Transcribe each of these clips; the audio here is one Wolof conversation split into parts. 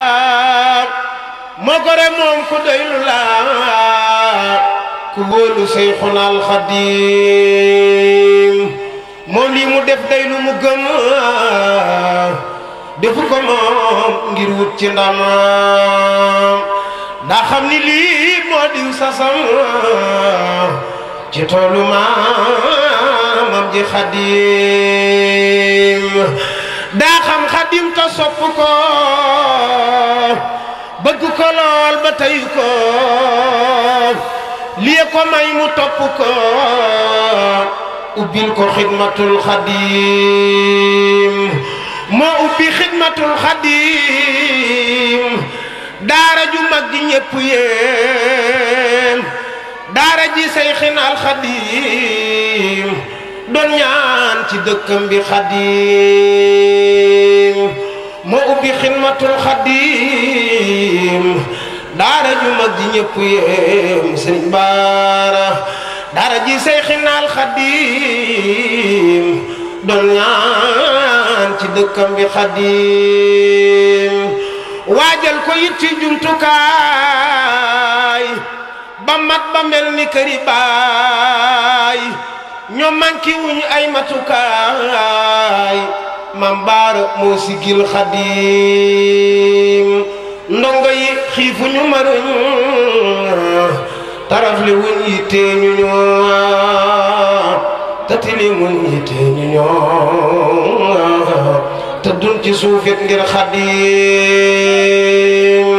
ma gore moom ku doylu la ku wóolu Seyxuna Alxadim moom lii mu def day mu gëm defu ko moom ngir wut ci ndamam daa xam ni lii moo diw sasam ci toolu maamam ji Xadim daa xam xadim te sopp ko bëgg ko lool ba tey ko lii ko may mu topp ko ubbil ko xidmatul xadim moo ubbi xidmatul xadim daara ju mag ji ñépp yéen daara ji say xinal xadim doon ñaan ci dëkkam bi xadim moo ubbi xidmatul xadim daara ju mag ji ñëpp yem sëriñ daara ji say xinaal xadim doon ñaan ci dëkkam bi xadim waajal ko it ci jumtukaay ba mat ba mel ni këri baay ñoom manqué wuñu ay matukaay mam baara moo sigil xadim ndongo yi xiifuñu maruñ tarafli wuñ yittee ñu ñoo tatili wuñ yittee ñu ñoo te dun ci suufit ngir xadim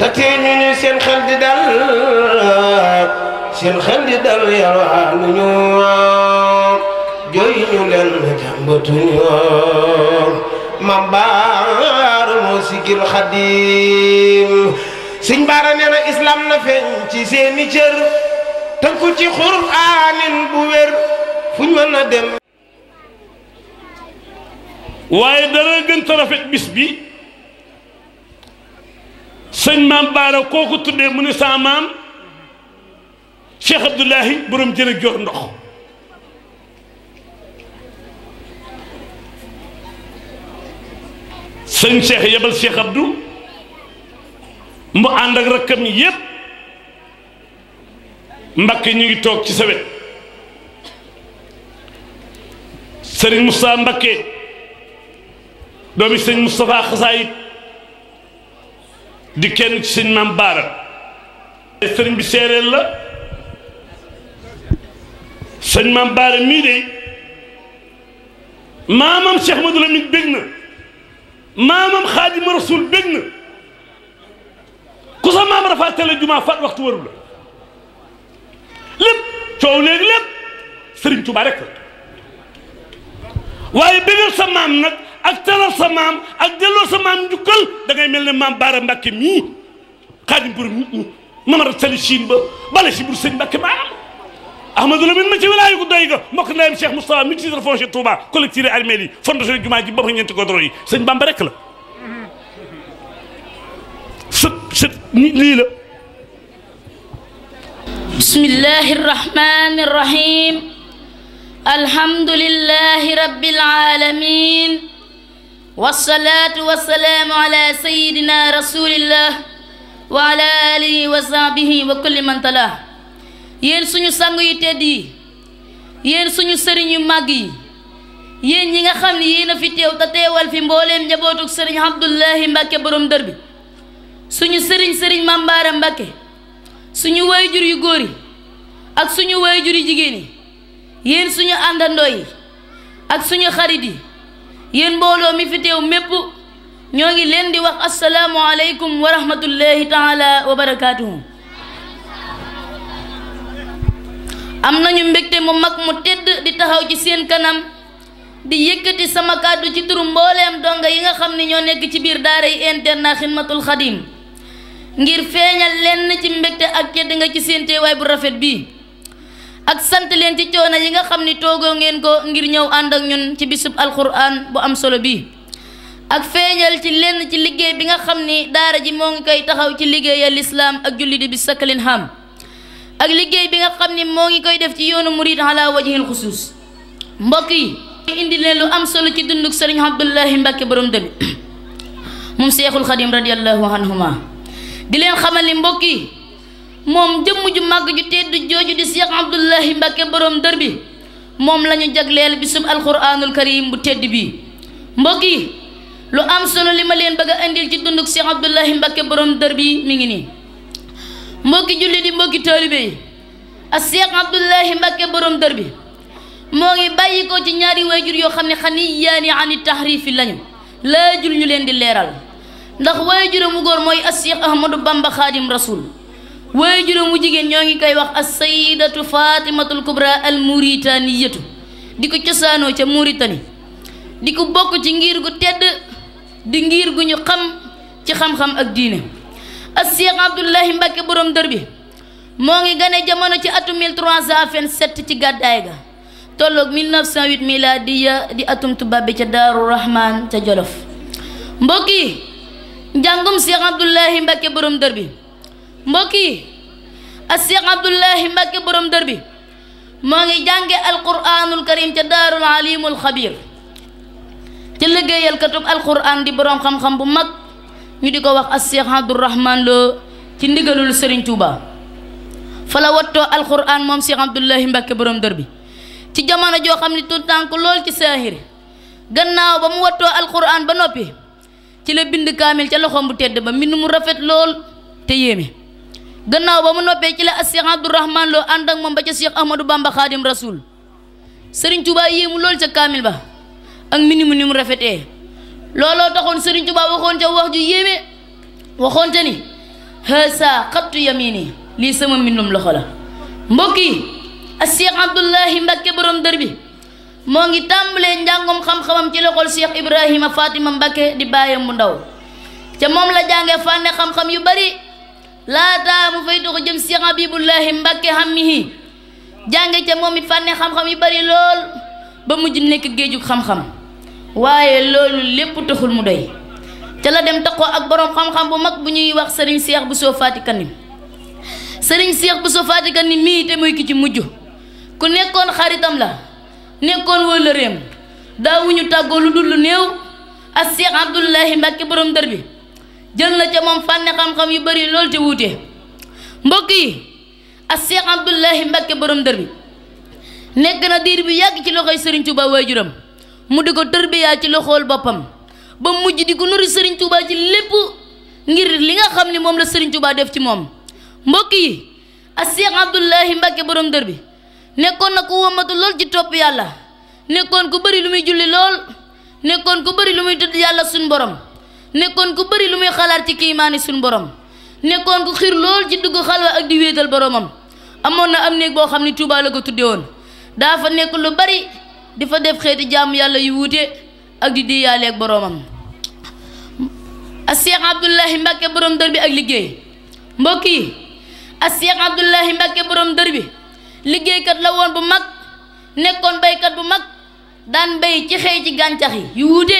tatee ñu ñu seen xel di dal seen xel siñ baara nee na na feeñ ci seeni cër tënku ci xuraanin bu wér fuñ mën a dem waaye dara gën a rafet bis bi sëñ maam baara kooku tuddee mu ne sa Cheikh Abdoulahi borom jën ak joor ndox sëñ Cheikh yebal Cheikh Abdou mu ànd ak rakkam yépp Mbàkke ñu ngi toog ci sa wet sëriñ Moussa Mbàkke doomi sëñ Moustapha Xasaayit di kenn ci sëñ Maam Baara sëriñ bi séeréer la سن مام بار مي دي مامم شيخ محمد لامي بيغنا مامم خادم رسول بيغنا كوسا مام رفات لا جمعه فات وقت ورولا لب تشو ليك لب سيرن توبا رك واي بيغل سمام نك اك تلر سمام اك ديلو سمام جوكل دا غاي ملني مام بار مباكي مي خادم بور مام رسول شيمبا بالا شيبر سيرن مباكي مام احمد لو من ماشي ولاي كو دايغا مك نايم شيخ مصطفى من سيدر فونشي طوبا كوليكتيف ارميلي فونداسيون جمعه جي بابا نينت كو دروي سيغ بامب رك لا شت شت بسم الله الرحمن الرحيم الحمد لله رب العالمين والصلاة والسلام على سيدنا رسول الله وعلى آله وصحبه وكل من تلاه yéen suñu sang yu tedd yi yéen suñu sëriñ yu màgg yi yéen ñi nga xam ne yéen fi teew te teewal fi mbooleem njabootug sëriñ Abdullahi Mbàkke borom dër bi suñu sëriñ sëriñ Mambaara Mbàkke suñu wayjur yu góor yi ak suñu wayjur yu jigéen yi yéen suñu àndandoo yi ak suñu xarit yi yéen mbooloo mi fi teew mépp ñoo ngi leen di wax asalaamu aleykum wa rahmatullahi taala wa barakaatuhu amna ñu mbekté mu mag mu tedd di taxaw ci seen kanam di yëkëti sama kaddu ci turu mbooleem donga yi nga xamni ne ñoo nekk ci biir daara yi interna khidmatul khadim ngir feñal lenn ci mbekté ak tedd nga ci seen teewaay bu rafet bi ak sant len ci ciona yi nga xamni ni ngeen ko ngir ñew and ak ñun ci bisub alquran bu am solo bi ak feñal ci lenn ci liggéey bi nga xamni ni daara ji mo ngi kay taxaw ci ya l'islam ak julli di bi ak liggey bi nga xamni mo ngi koy def ci yoonu murid ala al khusus mbokk yi indi leen lu am solo ci dunduk serigne abdullah mbake borom dëgg mom seexul khadim radiyallahu anhuma di len xamal ni mbokk yi mom jëmm ju mag ju teddu joju di seex abdullah mbake borom dër bi Mom la ñu bisum alquranul karim bu tedd bi mbokk yi lu am solo li ma leen bëgg andil ci dunduk abdullah mbake borom dër bi mi ngi ni mbokki julli di mbokki taalibe yi a Cheikh Abdoulahi Mbacké borom derbi mo ngi bayiko ci ñaari waajur yo xamni xani yani ani tahrifi lañu jul ñu len di leeral ndax waajuram mu góor a Cheikh Ahmadou Bamba Khadim Rasul waajuram mu ñoo ngi kay wax as sayyidatu Fatimatul Kubra al Muritaniyatu di ko cosaanoo ca Muritani di ko ci ngir gu tedd di ngir gu ñu xam ci xam-xam ak diine Asyik Abdullah Mbacké borom dër bi moo ngi gane jamono ci atum 1327 ci gàddaay ga tolloog 1908 miladiya di atum tubaab babi ca Daaru Rahman ca Jolof mbokk jangum njàngum Abdullah Abdoulahi Mbacké borom derbi bi mbokk Abdullah a Cheikh borom dër bi moo alquranul karim ca daarul alimul Khabir. ci katum al alquran di borom xam-xam bu mak ñu di ko wax as Cheikh Abdourahman Lo ci ndigalul Serigne Touba fa la wattoo alxuraan moom Cheikh Abdoulahi Mbacke borom dër bi ci jamono joo ni ne tuutànk lool ci saahir gannaaw ba mu wattoo alxuraan ba noppi ci la bind kaamil ca loxoom bu tedd ba mbind mu rafet lool te yéeme gannaaw ba mu noppee ci la as Cheikh Abdourahman Lo ànd ak moom ba ca Cheikh Ahmadou Bamba Khadim Rasoul Serigne yéemu lool ca kaamil ba ak mbind mu mu rafetee. looloo taxoon Sëriñ Tuubaa waxoon ca wax ju yéeme waxoon te ni haasa xattu yamini lii sama mbindum loxo la mbokk yi a Cheikh Abdullahi Mbàkke borom dër bi moo ngi tàmbalee njàngum xam-xamam ci loxol Cheikh a Fatima Mbàkke di bàyyam bu ndaw ca moom la jànge fànne xam-xam yu bari laataa mu fay dox jëm Cheikh Habibullahi Mbàkke xammihi jànge ca moom it fànne xam-xam yu bari lool ba mujj nekk géejug xam-xam waye lolou lepp taxul mu doy ci la dem taxoo ak borom xam-xam bu mag bu ñuy wax serigne Cheikh Bousso Faty kanim, sëriñ Cheikh Bousso Faty Kani mii te moy ki ci mujj ku nekkon xaritam la nekkoon wóllëreem daawuñu tàggoo lu dul lu néew ak Cheikh abdullah Mbacke borom dër bi jël na ci mom fànne xam-xam yu bari lol te wuute mbokk yi Cheikh abdullah borom dër bi nekk na dir bi yag ci loxoy serigne Touba wayjuram mu di ko tërbiyaa ci loxool boppam ba mujj di ko nuru Serigne Touba ci lépp ngir li nga xam ni moom la Serigne Touba def ci moom mbokk yi a Seex Abdullahi Mbàkke borom dër bi nekkoon na ko womatu lool ci topp yàlla nekkoon ku bari lu muy julli lool nekkoon ku bari lu muy tudd yàlla suñ borom nekkoon ku bari lu muy xalaat ci kiimaani suñ borom nekkoon ku xiir lool ci dugg xalwa ak di wéetal boromam amoon na am néeg boo xam ni Touba la ko tudde woon di fa def xeeti jàmm yàlla yu wuute ak di di yaaleeg boroomam a Seex Abdullahi Mbàkke borom dër bi ak liggéey mbokk yi a Seex Abdullahi Mbàkke borom dër bi liggéeykat la woon bu mag nekkoon baykat bu mag daan béy ci xëy ci gàncax yi yu wuute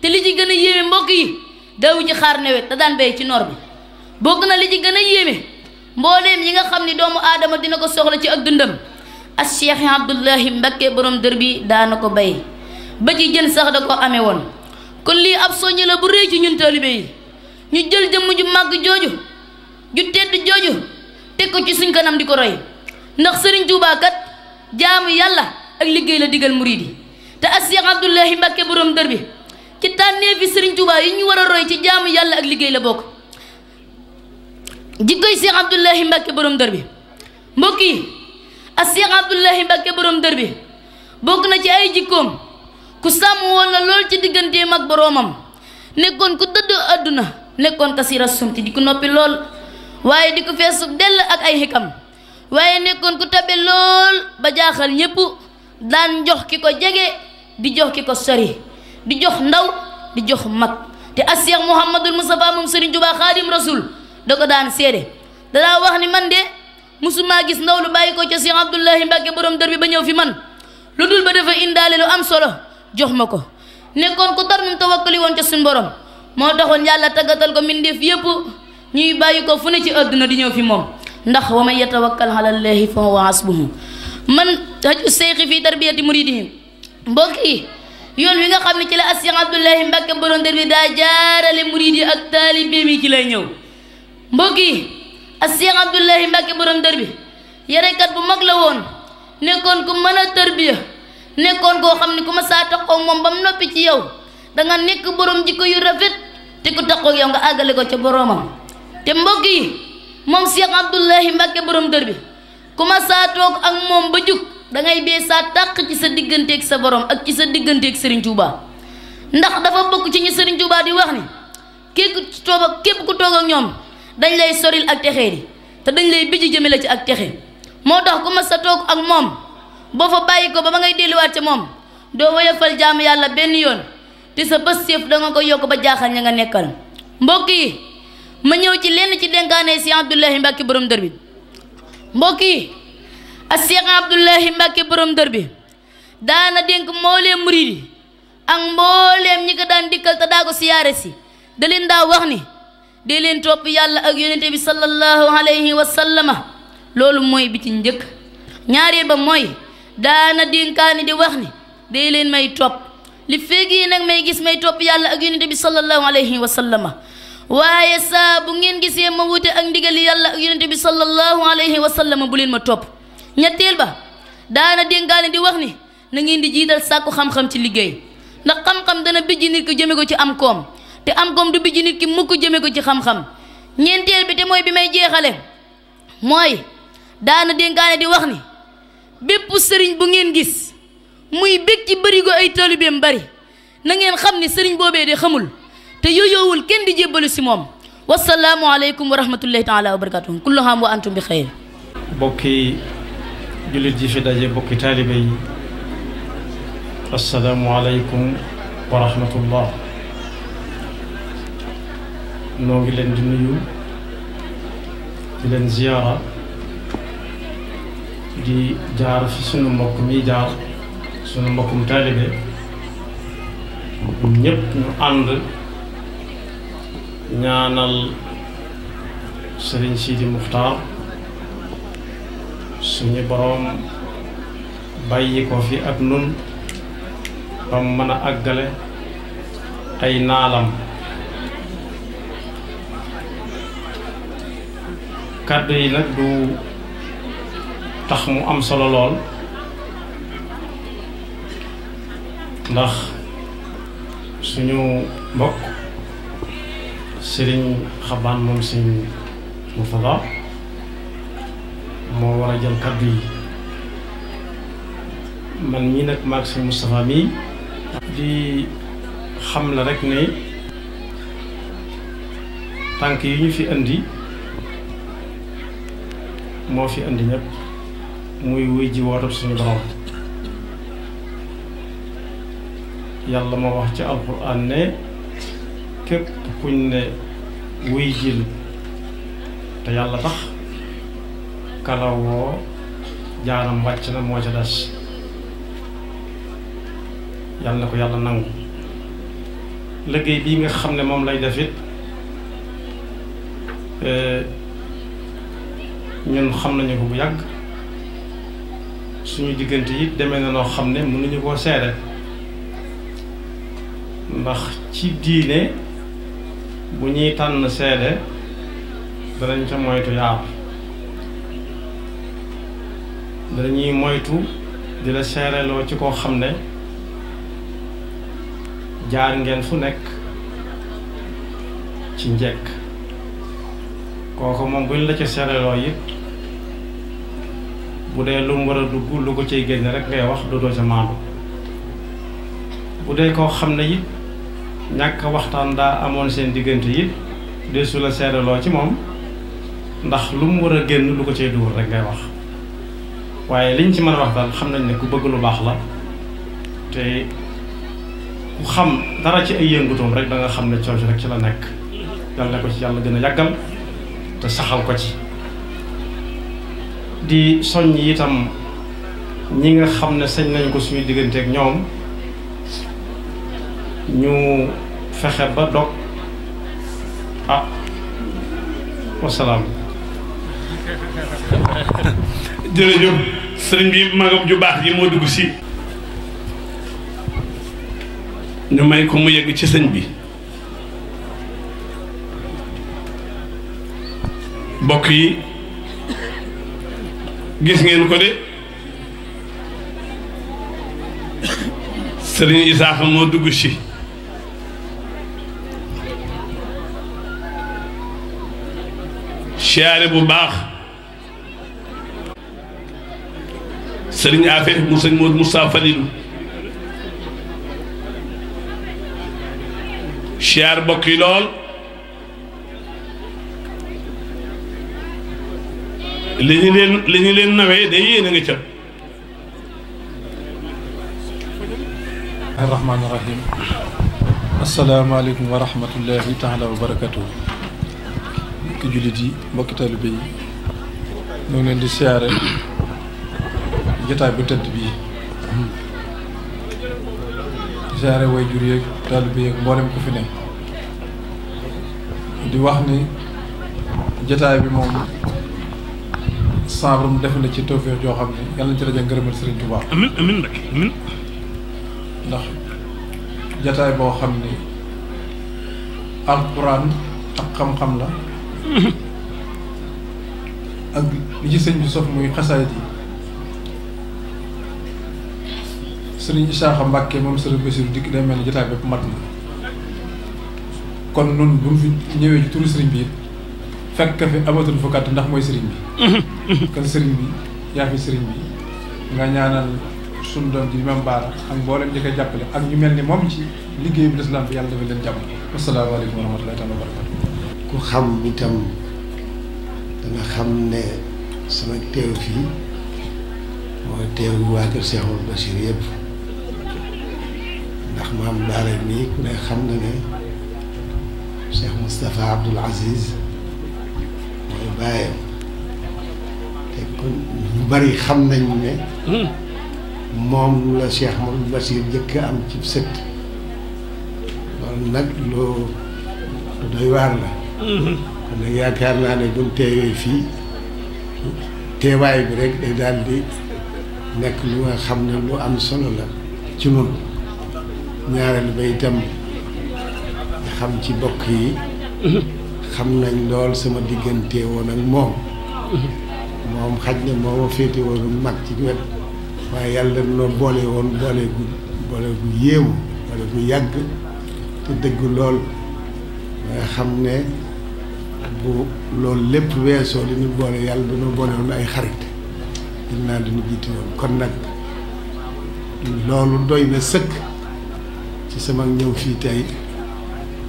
te li ci gën a yéeme mbokk yi daw ci xaar nawet da daan béy ci noor bi bokk na li ci gën a yéeme mbooleem yi nga xam ni doomu aadama dina ko soxla ci ak dundam as cheikh abdullah mbake borom derbi danako bay ba ci jeun sax da ko amé won kon lii ab soñu la bu rëy ci ñun talibé yi ñu jël jëm ju mag joju ju tedd joju ko ci suñu kanam diko roy ndax serigne touba kat jaamu yalla ak liggey la digal mouride te as cheikh Lahim mbake borom derbi ci tané fi serigne touba yi ñu wara roy ci jaamu yalla ak liggey la bok jikko cheikh abdullah mbake borom derbi mbokki Asyik abdullahi Abdoulahi Mbacké borom dër bi bokk na ci ay jikkoom ku sàmm nekon la lool ci digganteem ak boroomam nekkoon ku dëdd àdduna nekkoon kasira sumti di ko noppi lool waaye di ko ak ay xikam waaye nekkoon ku tabe lool ba jox di jox kiko di jox ndaw di jox mak di as muhammadul mustafa Moustapha Serigne Touba Khadim daan ni man de musuma gis ndaw lu bàyyi ko ca Cheikh Abdoulahi Mbacke borom dër bi ba ñëw fi man lu dul ba dafa indaale lu am solo jox ma ko nekkoon ko tar num tawakkali woon ca suñu borom moo taxoon yàlla taggatal ko mbindeef yépp ñuy bàyyi ko fu ne ci àdduna di ñëw fi moom ndax wa man yatawakkal ala llaahi fa huwa hasbuhu man haju seyxi fii tarbiyati muridihim mbokk yi yoon wi nga xam ne ci la Cheikh Abdoulahi Mbacke borom dër bi daa jaarale murid yi ak taalibe mi ci lay ñëw yi asiyang abdullahi mbake borom derbi bi ya kat bu mag la terbi, nekon ku meuna terbiya nekkon go xamni kuma sa takko mom bam nopi ci yow nga nek borom jikko yu rafet te ku takko yow nga agale ko ci boromam. te mbokk yi moom Cheikh Abdoulahi borom derbi bi ku tok ak mom ba da ngay be sa tak ci sa ak sa borom ak ci sa ak Serigne Touba ndax dafa bokku ci ni Serigne Touba di wax ni ku ak ñom dañ lay soril ak texé di té dañ lay bijji jëmel ci ak texé mo tax ku ma sa tok ak mom bo fa bayiko ba ba ngay delluwaat ca moom doo woyofal jaamu yalla ben yoon ti sa bés Boki da nga ko yok ba jaaxal nga nekkal mbokki ma ñew ci lenn ci dénkaane si abdullah mbàkke borom derbi mbokki mbokk yi ak borom derbi daana denk ak mbollem ñi ko daan dikkal ta ko da wax ni dee leen topp yàlla ak yonente bi sallallahu alayhi wa sallama loolu mooy bi ci njëkk ñaareel ba mooy daana dénkaani di wax ni dee leen may topp li feegi nag may gis may topp yàlla ak yonente bi sallallahu alayhi wa sallama waaye saa bu ngeen gisee ma wute ak ndigali yàlla ak yonente bi sallallahu alayhi wa sallama bu leen ma topp ñetteel ba daana dénkaani di wax ni na ngeen di jiital sàkku xam-xam ci liggéey ndax xam-xam dana bijji nit ko jëme ko ci am koom te am koom du bijji nit ki mukk jëme ko ci xam-xam ñeenteel bi te mooy bi may jeexale mooy daana dénkaane di wax ni bépp sëriñ bu ngeen gis muy bég ci bërigo ay taalibeem bari na ngeen xam ni sëriñ boobee de xamul te yooyoowul kenn di jébbalu si moom wasalaamu aleykum wa rahmatullahi taala wa barakatuhu kullu xam wa antum bi xeyr bokki jullit ji fi daje bokki taalibe yi asalaamu aleykum wa noo ngi leen di nuyu di leen ziyaara di jaar fi sunu mbokk mi jaar sunu mbokkum taalibe ñépp ñu ànd ñaanal sëriñ Sidi Muxtaar suñu boroom bàyyi ko fi ak nun bam mën a àggale ay naalam kaddu yi nag du tax mu am solo lool ndax suñu mbokk sëriñ xabaan moom sëñ Murtada moo war jël kaddu yi man ñi nag maag mii di xam la rek ne tànk yi ñu fi indi moo fi indi ñépp muy wuy ji wootab suñu borom yàlla ma wax ci alxuraan ne képp kuñ ne wuy jil te yàlla tax kalawoo jaanam wàcc na moo ca des yàlla na ko yàlla nangu liggéey bii nga xam ne moom lay def it eh, ñun xam nañu ko bu yàgg suñu diggante yi deme na noo xam ne mënuñu koo seere ndax ci diine bu ñuy tànn seede danañ ca moytu yaar danañuy moytu di la seereloo ci koo xam ne jaar ngeen fu nekk ci njekk kooku moom buñ la ca seereloo it bu dee lu mu war a dugg lu ko cay génne rek ngay wax dootoo ca maandu bu dee koo xam na it ñàkk waxtaan daa amoon seen diggante it deesu la seereloo ci moom ndax lu mu war a génn lu ko cay dugal rek ngay wax waaye liñ ci mën a wax daal xam nañ ne ku bëgg lu baax la te ku xam dara ci ay yëngutoom rek da xam ne coow rek ci la nekk yàlla ko ci yàlla gën a yàggal te saxaw ko ci di soññ itam ñi nga xam ne sañ nañ ko suñu digganteek ñoom ñu fexe ba dog ah wasalaam jërëjëf sëriñ bi magam ju baax ji moo dugg si ñu may ko mu yegg ci sëñ bi bokk yi gis ngeen ko de sëriñ Isaaxa moo dugg si siyaare bu baax sëriñ Afe mu sëñ Moodu Musaa Falilu siyaar mbokk yi lool الرحمن الرحيم السلام عليكم ورحمة الله تعالى وبركاته جلدي وقت البي نون عندي سيارة جتا بتد بي سيارة وي جوري طالبي مولم كوفي ني دي واخني جتا بي موم saa borom def na ci tawféex joo xam ne yàlla na ci rajo ngërëmal Serigne Touba. amiin amiin ndax jataay boo xam ni alquran ak xam-xam la. ak li ci sëñ bi sof muy xasaayit yi. Serigne Isaaxa Mbacke moom Serigne Bassirou dikk day mel ni jataay bépp mat na kon noonu bu mu fi ñëwee ci turu Serigne bi fekk fi amatul fukkat ndax mooy sëriñ bi mhm. Mhm. kon sëriñ bi yaa fi sëriñ bi nga ñaanal suñu doom ji imam baara ak mboolem di ko jàppale ak ñu mel ni moom ci liggéey bi lislaam bi yàlla dafa leen jàmm asalaamaaleykum wa rahmatullahi taala wa barakatu ku xam itam danga xam ne sama teew ku ne xam na ne Cheikh Moustapha Abdoul Aziz baayam te kon ñu bari xam nañ ne hmm. moom la Cheikh moom Bachir njëkk am ci sët loolu nag loo doy la hmm. kon nag yaakaar naa ne buñ fii teewaay bi rek day daal nekk lu nga xam ne lu am solo la ci noonu ñaareel ba itam xam ci bokk yi hmm. xam nañ lool sama diggante woon ak moom moom xaj na moo ma féete woon mag ci wet waaye yàlla noo boole woon boole gu boole gu yéemu boole gu yàgg te dëgg lool nga xam ne bu loolu lépp weesoo li boole yàlla dañoo boole woon ay xarit gis naa dañu jiite woon kon nag loolu doy na sëkk ci sama ñëw fii tey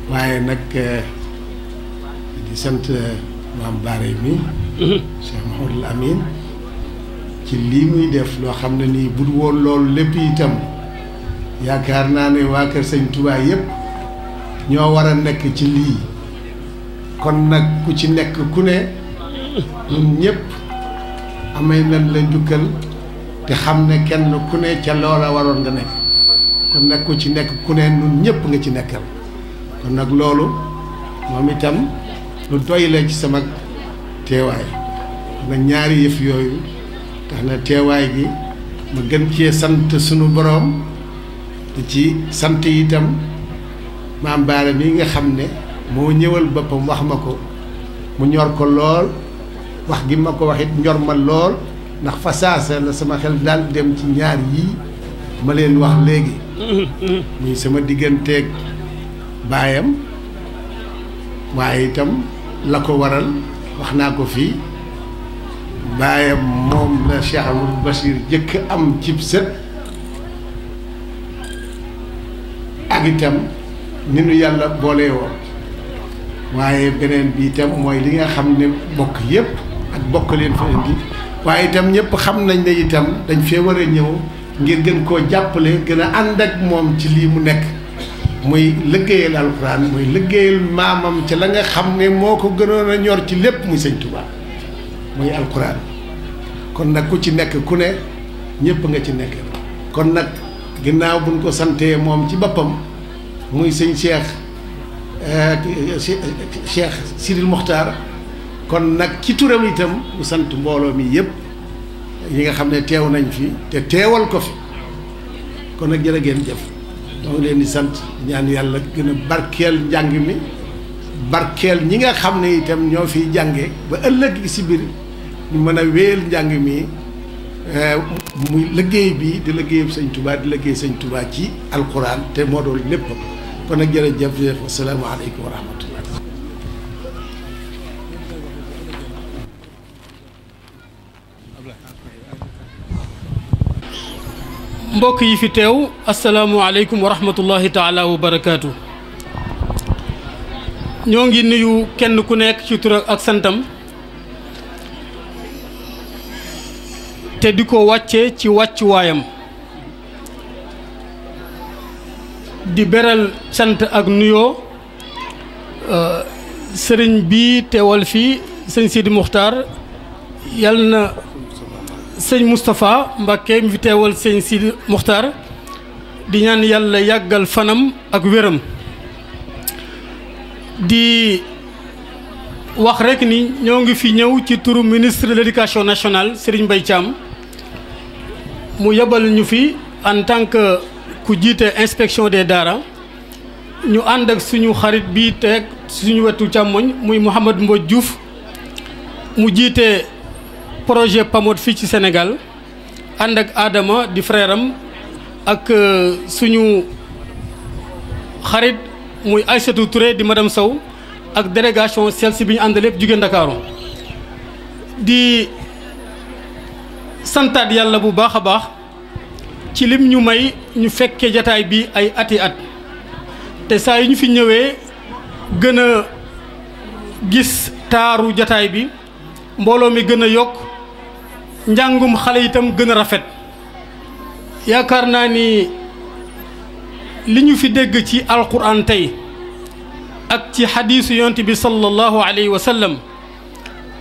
waaye nag eh, sent sant euh, maam Baare mi mhm. Cheikh Mouhamadul Amine ci lii muy def loo xam ne nii bu woon loolu lépp itam yaakaar naa ne waa Kër Sëñ Touba yëpp ñoo war a nekk ci lii kon nag ku ci nekk ku ne ñun ñépp amee nañ la njukkal te xam ne kenn ku ne ca loola waroon nga nekk ku ci nekk ku ne ñun ñëpp nga ci nekkal kon nag loolu moom itam. lu doy la ci sama teewaay na ñaari yëf yooyu tax na teewaay gi ma gën cee sant sunu boroom di ci sant itam maam Baara mi nga xam ne moo ñëwal boppam wax ma ko mu ñor ko lool wax gi ma ko waxit ñor ma lool ndax fasaasa la sama xel daal dem ci ñaar yii ma leen wax léegi muy sama digganteek baayam waaye itam la ko waral wax naa ko fii baayam moom la Cheikh Amadou Bachir jëkk am cib sët ak itam ni nu yàlla boole woon waaye beneen bi itam mooy li nga xam ne bokk yépp ak bokk leen fa indi waaye itam ñépp xam nañ ne itam dañ fee war ñëw ngir gën koo jàppale gën a ànd ak moom ci lii mu nekk muy liggéeyal alxuraan muy liggéeyal maamam ca la nga xam ne moo ko gënoon a ñor ci lépp muy sëñ Tuubaa muy alxuraan kon nag ku ci nekk ku ne ñëpp nga ci nekk kon nag ginnaaw buñ ko santee moom ci boppam muy sëñ Cheikh eh, Cheikh Sidil Mokhtar kon nag ci turam itam mu sant mbooloo mi yëpp yi nga xam ne teew nañ fi te teewal ko fi kon nag jërë ngeen jëf dama leen di sant ñaan yàlla gën a barkeel njàng mi barkeel ñi nga xam ne itam ñoo fiy jànge ba ëllëg si biir ñu mën a wéyal njàng mi eh, muy liggéey bi di liggéeyam sëñ Touba di liggéey sëñ Touba ci alquran te moo doon lépp kon nag jërëjëf jërëjëf asalaamaaleykum wa rahmatulah mbokk yi fi teew asalaamualeykum wa rahmatullahi taala wa barakaatu. ñoo ngi nuyu kenn ku nekk ci tur ak santam te di ko wàcce ci wàccuwaayam di beral sant ak nuyoo euh, sëriñ bi teewal fi sëñ Sidi Muxtaar yal na sëñ Mustafa Mbakke mi fi teewal sëñ Mukhtar di ñaan yàlla yàggal fanam ak wéram di wax rek ni ñoo ngi fi ñëw ci turu ministre de l'éducation nationale Serigne Mbaye Cham mu yebal ñu fi en tant que ku jiite inspection des daara ñu ak suñu xarit bi tek suñu wetu càmmoñ muy Mouhamed Mbodj mu projet PAMOD fii ci senegal ànd ak aadama di frère am ak euh, suñu xarit muy Aïssatou Touré di madame Sow ak délégation CELSI bi ñu àndal lépp jugee Ndakaaru di santaat yàlla bu baax a baax ci lim ñu may ñu fekkee jataay bi ay ati at te saa yi ñu fi ñëwee gën a gis taaru jataay bi mbooloo mi gën a yokk njàngum xale itam gën a rafet yaakaar naa ni li ñu fi dégg ci alquran tey ak ci xadiisu yonent bi sallallahu alayhi wa sallam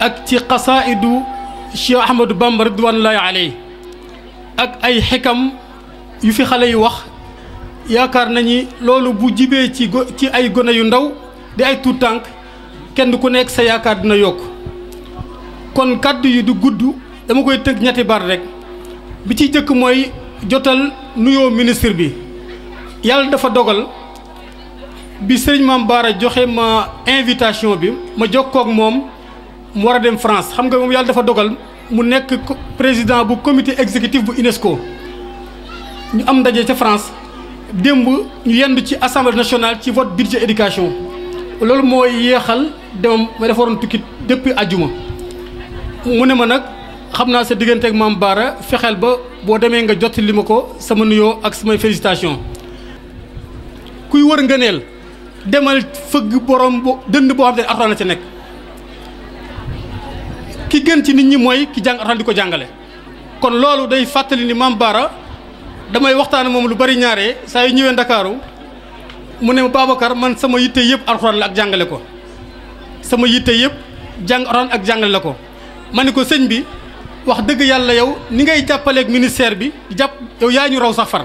ak ci xasaa'idu Cheikh Ahmadou Bamba ridwanullahi alayhi ak ay xikam yu fi xale yi wax yaakaar nañu loolu bu jibee ci ci ay gone yu ndaw di ay tuut tànk kenn ku nekk sa yaakaar dina yokk kon kàdd yi du gudd dama koy tënk ñetti bar rek bi ci jëkk mooy jotal nuyoo ministre bi yàlla dafa dogal bi sëriñ Maam Baara joxe ma invitation bi ma jokkoo ak moom mu war a dem France xam nga moom yàlla dafa dogal mu nekk président bu comité exécutif bu UNESCO ñu am ndaje ca France démb ñu yendu ci assemblée nationale ci vote budget éducation loolu mooy yéexal demam ma dafa waroon tukki depuis àjjuma mu ne ma nag. xamna sa mambara, ak mam bara fexel ba bo démé nga jot limako sama nuyo ak sama félicitation kuy wër demal fëgg borom bo dënd bo xamné ne ci nek ki gën ci nit ñi moy ki jang alxuraan diko jangalé kon loolu day fatali ni mam bara damay waxtaan nyare lu bari ñaaré saa yu ñëwee mu né babakar man sama yitte yépp alxuraan la ak jangalé ko sama yitte yépp jang ak jangalé ko bi wax dëgg yàlla yow ni ngay jàppaleek ministère bi jàpp yow yaa ñu raw sax far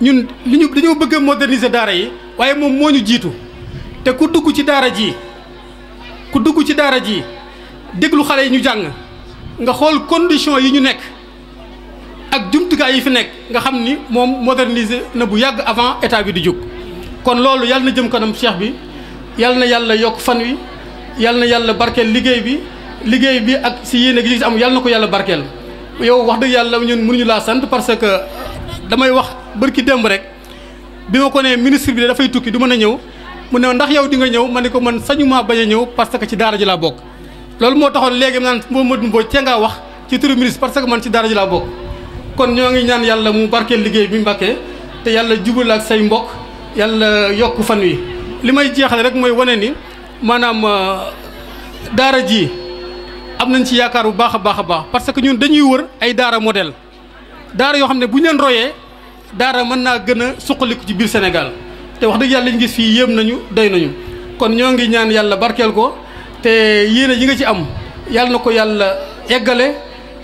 ñun li ñu dañoo bëgg a moderniser daara yi waaye moom moo ñu jiitu te ku dugg ci daara ji ku dugg ci daara ji déglu xale yi ñu jàng nga xool condition yi ñu nekk ak jumtukaay yi fi nekk nga xam ni moom moderniser na bu yàgg avant état bi di jóg. kon loolu yàlla na jëm kanam cheikh bi yàlla na yàlla yokk fan wi yàlla na yàlla barkeel liggéey bi. liggéey bi ak si yéene gi ci am yàlla na ko yàlla barkeel yow wax dëgg yàlla ñun mënuñu laa sant parce que damay wax barki démb rek bi ma ko nee ministre bi dafay tukki du mën a ñëw mu ne ndax yow di nga ñëw ma ne ko man sañuma bañ a ñëw parce que ci daara ji laa bokk loolu moo taxoon léegi naan moom Modou Mbodj cee wax ci turu ministre parce que man ci daara ji laa bokk kon ñoo ngi ñaan yàlla mu barkeel liggéey bi Mbàkke te yàlla jubal ak say mbokk yàlla yokk fan wi li may jeexale rek mooy wane ni maanaam daara ji am nañ ci yaakaar bu baax a baax a baax parce que ñun dañuy wër ay daara modèle daara yoo xam ne bu ñu leen royee daara mën naa gën a suqaliku ci biir Sénégal te wax dëgg yàlla liñ gis fii yéem nañu doy nañu kon ñoo ngi ñaan yàlla barkeel ko te yéene yi nga ci am yàlla na ko yàlla eggale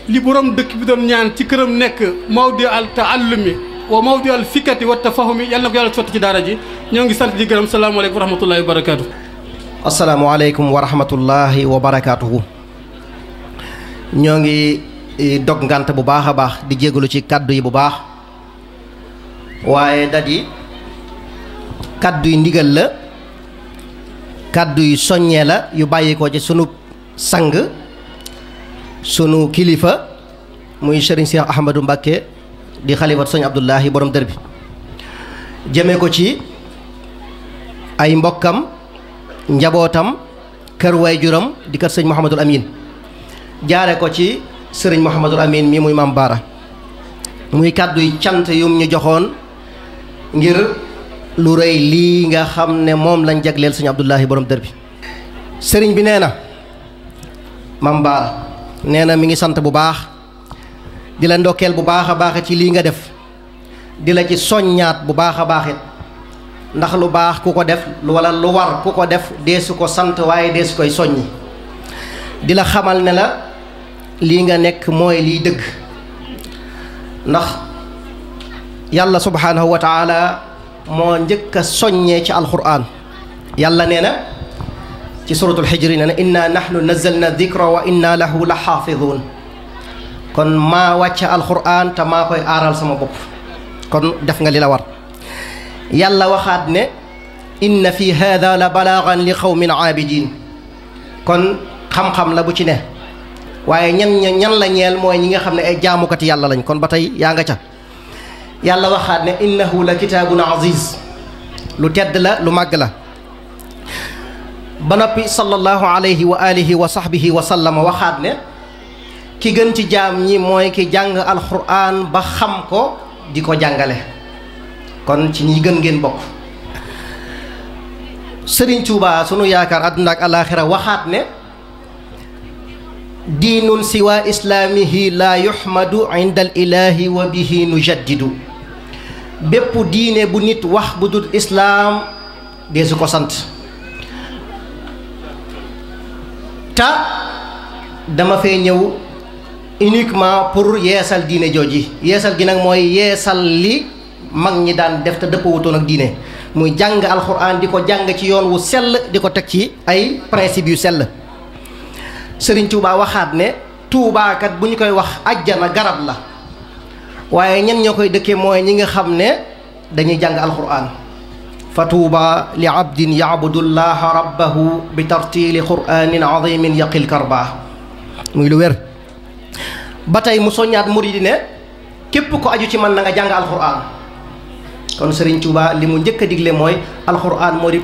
li borom dëkk bi doon ñaan ci këram nekk mawdi al taallumi wa mawdi al fikati wa tafahumi yàlla na ko yàlla sotti ci daara ji ñoo ngi sant di gërëm salaamaaleykum wa rahmatullahi wa barakaatu. asalaamaaleykum wa rahmatullahi wa barakaatuhu. ñoo ngi e, dog ngànt bu baax a baax di jégalu ci kàddu yi bu baax waaye dat yi kàddu yi ndigal la kàddu yi soññee la yu bàyyi ko ci sunu sang sunu kilifa muy sëriñ Cheikh Ahmadou Mbacké di xalifat sëñ Abdullahi borom dër bi jëmee ko ci ay mbokkam njabootam kër juróom di kër sëñ Mouhamadul Amin jaare ko ci serigne Mouhamadul Amin mi muy Mam Bara muy kàdduy cant yum ñu ngir lu reey li nga xamne mom lañ jagleel serigne Abdullahi borom derbi serigne bi nee na Mam mi ngi sante bu baax di la ndokel bu baaxa baax ci li nga def di la ci soññaat bu baaxa ndax lu baax ku ko def wala lu war ku ko def desu ko sante waye deesu koy soññi di xamal ne la li nga nekk mooy liy dëgg ndax yàlla subhanahu wa taala moo njëkk a soññee ci alquran yàlla nee na ci suratul xijri nee na inna nahnu nazalna dikra wa inna lahu la kon maa wàcce alquran te maa koy aaral sama bopp kon def nga li la war yàlla waxaat ne inna fi hada la balaagan li qawmin aabidin kon xam-xam la bu ci ne waaye ñan ñan la ñeel mooy ñi nga xam ne ay jaamukati yàlla lañ kon ba tey yaa nga ca yàlla waxaat ne innahu la kitaabun aziz lu tedd la lu màgg la ba noppi sallallahu alayhi wa alihi wa sahbihi wa sallama waxaat ne ki gën ci jaam ñi mooy ki jàng alquran ba xam ko di ko jàngale kon ci ñi gën ngeen bokk Sëriñ Tuubaa sunu yaakaar àdduna ak alaaxira waxaat ne dinun siwa islamihi la yuhmadu indal ilahi wa bihi nujaddidu bepp diine bu nit wax budul islam des ko sant ta dama fe ñew uniquement pour yeesal diine joji yeesal gi nak moy yeesal li mag ñi daan def depp Dine. ak diine muy jang alquran di jang ci yoon wu sel di tek ci ay principe yu sel sëriñ Touba waxaat ne Touba kat bu ñu koy wax ajjana garab la waaye ñen ñoo koy dëkkee mooy ñi nga xam ne dañuy jàng alquran fa tuuba li abdin yaabudullaha rabbahu bi tartili quranin azimin yaqil karba muy lu wér ba tey mu soññaat muridi ne képp ko aju ci man na nga jàng alquran kon sëriñ Touba li mu njëkk a digle mooy alquran moo di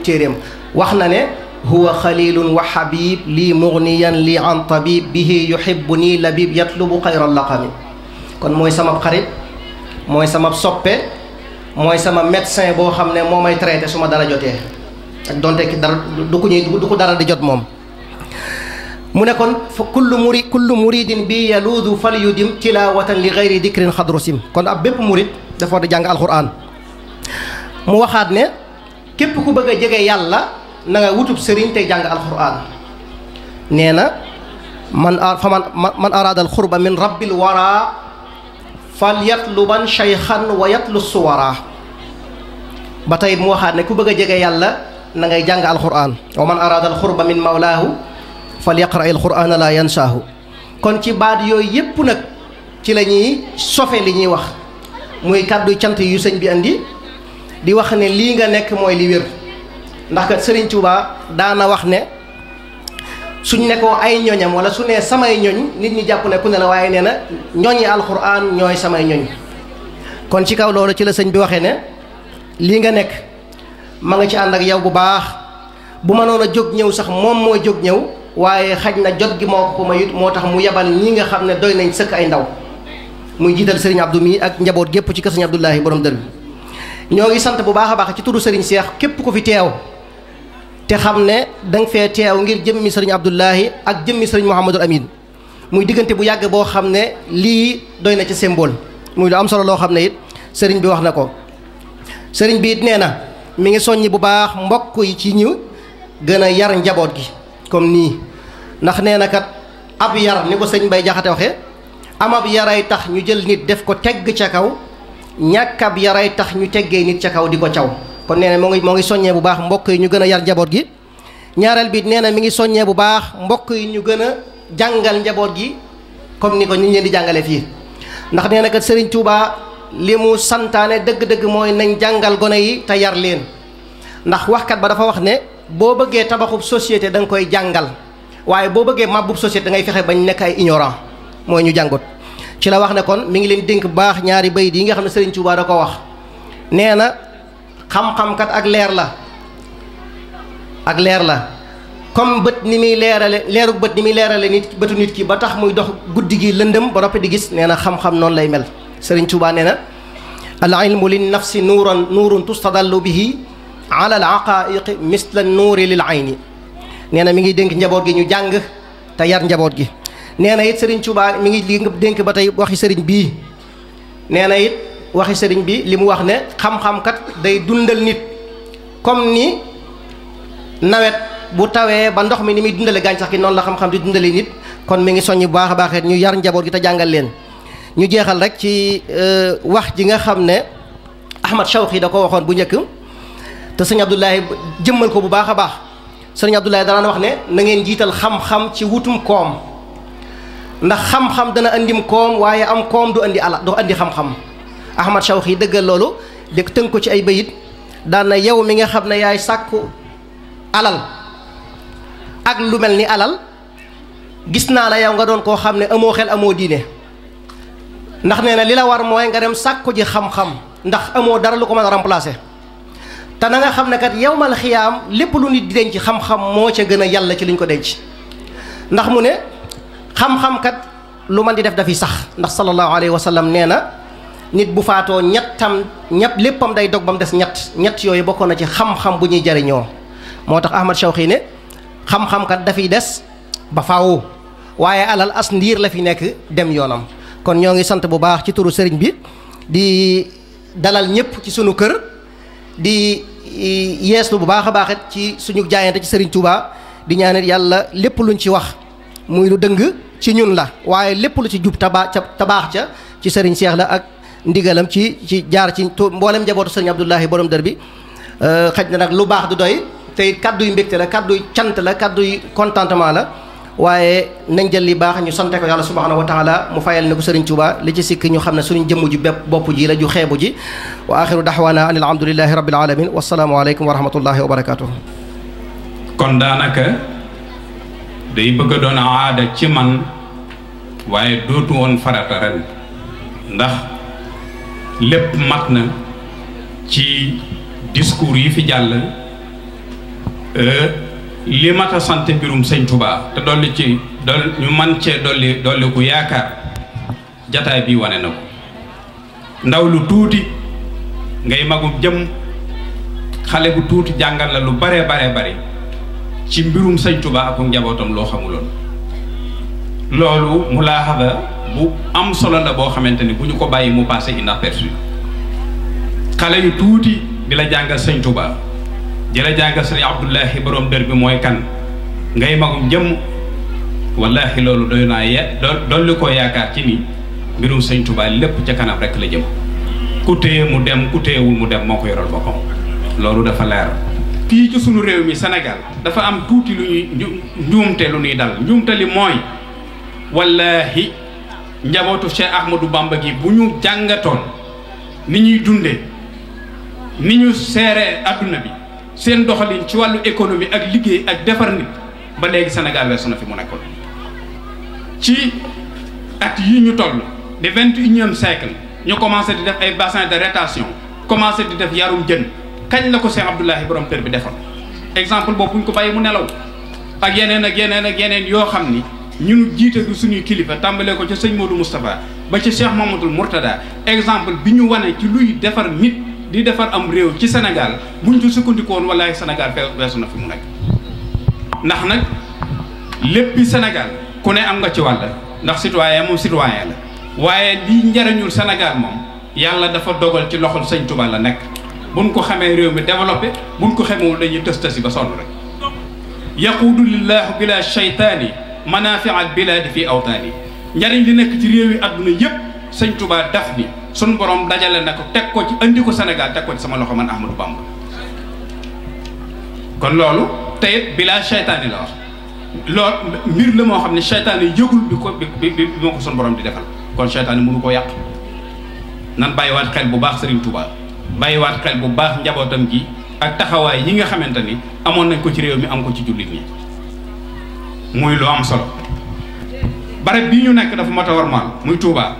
wax na ne هو خليل وحبيب لي مغنيا لي عن طبيب به يحبني لبيب يطلب خير اللقم كون موي سما قريب موي سما سوبي موي سما ميدسان بو خامني موماي تريتي سوما دارا جوتي اك دونتي دوكو ني دوكو دارا دي جوت موم مونه كون كل مريد كل مريد بي يلوذ فليدم تلاوه لغير ذكر خضر سم كون اب بيب مريد دافو دي جان القران مو واخات ني كيب كو بغا جيغي يالا na nga wutub serigne tay jang alquran neena man faman man arada alqurba min rabbil wara falyatluban shaykhan wa yatlu suwara batay mo mu ne ku beug jege yalla na ngay jang alquran wa man arada alqurba min mawlaahu falyaqra alquran la yansahu kon ci baat yoy yep nak ci la sofé sofe wax muy kaddu ciant yu señ bi andi di wax ne li nga nek moy li ndax kat Serigne Touba daana wax ne suñ ne ko ay ñoñam wala su nee samay ñoñ nit ñi jàpp ne ku ne la waaye nee na ñoñi alxuraan ñooy samay ñoñ kon ci kaw loolu ci la sëñ bi waxee ne lii nga nekk ma nga ci ànd ak yow bu baax bu mënoon a jóg ñëw sax moom moo jóg ñëw waaye xaj na jot gi moo ko mayut moo tax mu yabal ñi nga xam ne doy nañ sëkk ay ndaw muy jiital Serigne Abdou mi ak njaboot gépp ci kër Serigne Abdoulahi borom dër bi ñoo ngi sant bu baax a baax ci turu Serigne Cheikh képp ku fi teew te xam dang da nga fee teew ngir jëmmi abdullahi ak jëmmi serigne mouhamadul amin muy digënté bu yagg bo xam li doyna doy na ci symbole muy lu am solo lo xam it serigne bi wax na ko bi it nee mi ngi bu baax mbokk yi ci ñu gëna yar njabot gi comme ni ndax na kat ab yar ni ko sëñ bay jaxate waxe am ab yaray tax ñu jël nit def ko tegg ci kaw ñàkk ab yaray tax ñu teggee nit ci kaw di ko kon nee moo ngi moo ngi soññee bu baax mbokk yi ñu gën a yar njaboot gi ñaareel bi nee na mi ngi soññee bu baax mbokk yi ñu gën a jàngal njaboot gi comme ni ko ñu leen di jàngalee fii ndax nee na kat Serigne Touba li mu santaane dëgg-dëgg mooy nañ jàngal gone yi te yar leen ndax wax kat ba dafa wax ne boo bëggee tabaxub société da nga koy jàngal waaye boo bëggee mabbub société da ngay fexe bañ nekk ay ignorant mooy ñu jàngut ci la wax ne kon mi ngi leen dénk bu baax ñaari bayit yi nga xam ne Serigne Touba da ko wax xam-xam kat ak leer la ak leer la comme bët ni muy leerale leeru bët ni muy leerale nit bëtu nit ki ba tax muy dox guddi gi lëndëm ba noppi di gis nee na xam-xam noonu lay mel Sëriñ Tuubaa nee na al ilmu lin nafsi nuuran nuurun tustadallu bihi ala al aqaiqi misla nuuri lil ayni nee na mi ngi dénk njaboot gi ñu jàng te yar njaboot gi nee na it Sëriñ Tuubaa mi ngi dénk ba tey waxi sëriñ bii nee na it waxi sëriñ bi li mu wax ne xam-xam kat day dundal nit comme ni nawet bu tawee ba ndox mi ni muy dundale gàncax gi noonu la xam-xam di dundale nit kon mu ngi soññ bu baax a baaxee ñu yar njaboot gi te jàngal leen ñu jeexal rek ci euh, wax ji nga xam ne Ahmad Shawqi da ko waxoon bu njëkk te sëñ Abdoulaye jëmmal ko bu baax a baax sëñ Abdoulaye danaan wax ne na jiital xam-xam ci wutum koom ndax xam-xam dana andim koom waaye am koom du indi ala du andi Ahmad Shawx yi dëggal loolu di tënk ko ci ay bayit daan na yow mi nga xam ne yaay sàkku alal ak lu mel ni alal gis naa la yaw nga doon koo xam ne amoo xel amoo diine ndax nee na li la war mooy nga dem sàkku ji xam-xam ndax amoo dara lu ko mën a remplacer te nanga nga xam ne kat yowmal xiyaam lépp lu nit di denc xam-xam moo ca gën a yàlla ci liñ ko denc ndax mu ne xam-xam kat lu man di def dafi sax ndax sallallahu alayhi wa nee na nit bu faatoo ñettam ñep leppam day dog bam dess ñett ñett yoy bokko na ci xam-xam bu ñuy jariño motax ahmad shawkhi ne xam-xam kat fi dess ba faawu waye alal as ndir la fi nek dem yonam kon ñoo ngi sant bu baax ci turu serigne bi di dalal ñep ci sunu kër di yeeslu bu baax a ci suñu jaayante ci serigne Touba di ñaanal yalla lepp luñ ci wax muy lu deung ci ñun la waye lepp lu ci jup taba ca ci serigne Cheikh la ak ndigalam ci ci jaar ci mboolem njabootu sëriñ Abdoulahi borom dër bi euh, xaj na nag lu baax du doy te it yu mbégte la kaddu yu cant la kaddu yu contentement la waaye nañ jël li baax ñu sante ko yàlla subhanahu wa taala mu fayal ne ko sëriñ Tuuba li ci sikk ñu xam ne suñu jëmm ju bépp bopp ji la ju xeebu ji waa axiru daxwaana an alhamdulilahi rabbil alamin wasalaamu aleykum wa rahmatullahi wa barakatuh kon daanaka day bëgg a doon aada ci man waaye lépp mat na ci discours yi fi jàll euh, li mat a sant mbirum sañ Touba te dolli ci dool ñu man cee dolli dolli ku yaakaar jataay bii wane na ko ndaw lu tuuti ngay magum jëm xale bu tuuti jàngal la lu bare bare bare ci mbirum sëñ Touba ak njabootam loo xamuloon loolu mu laa bu am solo la bo xamanteni ni ko bayyi mu passé inaperçu xalé yu tuuti di la jàngal sëñ Touba di la jàngal sëñ borom dër bi kan ngay magum jëm wallahi lolu doyna naa ye dolli ko yaakaar ci ni mbirum seigne Touba lepp ci kanam rek la jëm ku teye mu dem ku téyewul mu dem moko yoral boppam lolu dafa leer fii ci sunu rew mi senegal dafa am tuuti lu ñuy ñumte lu ñuy dal ñumte li moy wallahi njabootu Cheikh Ahmadou Bamba gi bu ñu jàngatoon ni ñuy dunde ni ñu seeree adduna bi seen doxalin ci wàllu économie ak liggéey ak defar nit ba léegi Sénégal weesu na fi mu nekkoon ci at yi ñu toll di vingt unième siècle ñu commencé di def ay bassin de rétention commencé di def yarum jën kañ la ko Cheikh Abdoulahi borom tër bi defoon exemple boobu ñu ko bàyyi mu nelaw ak yeneen ak yeneen yoo xam ni ñun jité gi suñu kilifa tambalé ko ci seigne Modou mustapha ba ci Cheikh Mamadou murtada exemple biñu wane ci luy defar nit di defar am réew ci Sénégal buñ ci ko won wallahi Sénégal weesu na fi mu nak ndax nak lepp ci Sénégal ku ne am nga ci wàll ndax citoyen mo citoyen la waye li ñarañul Sénégal mom yàlla dafa dogal ci loxol seigne Touba la nek buñ ko xamé réew mi développer buñ ko xamewul dañuy tës ba sonu rek yaquudu lillahu bila shaytaani manaafi al bilaadi fi awtaani njariñ li nekk ci réew yi àdduna yëpp sëñ tubaa daf ni sunu borom dajale na ko teg ko ci andi ko Sénégal teg ko ci sama loxo man Ahmadou Bamba kon loolu tey bilaa seytaane la wax lool mbir la moo xam ne seytaane yëgul bi ko bi bi bi ko sunu borom di defal kon seytaane mënu koo yàq nan bàyyiwaat xel bu baax Serigne tubaa bàyyiwaat xel bu baax njabootam gi ak taxawaay yi nga xamante ni amoon nañ ko ci réew mi am ko ci jullit muy lu am solo barab bii ñu nekk dafa mat a warmaal muy Touba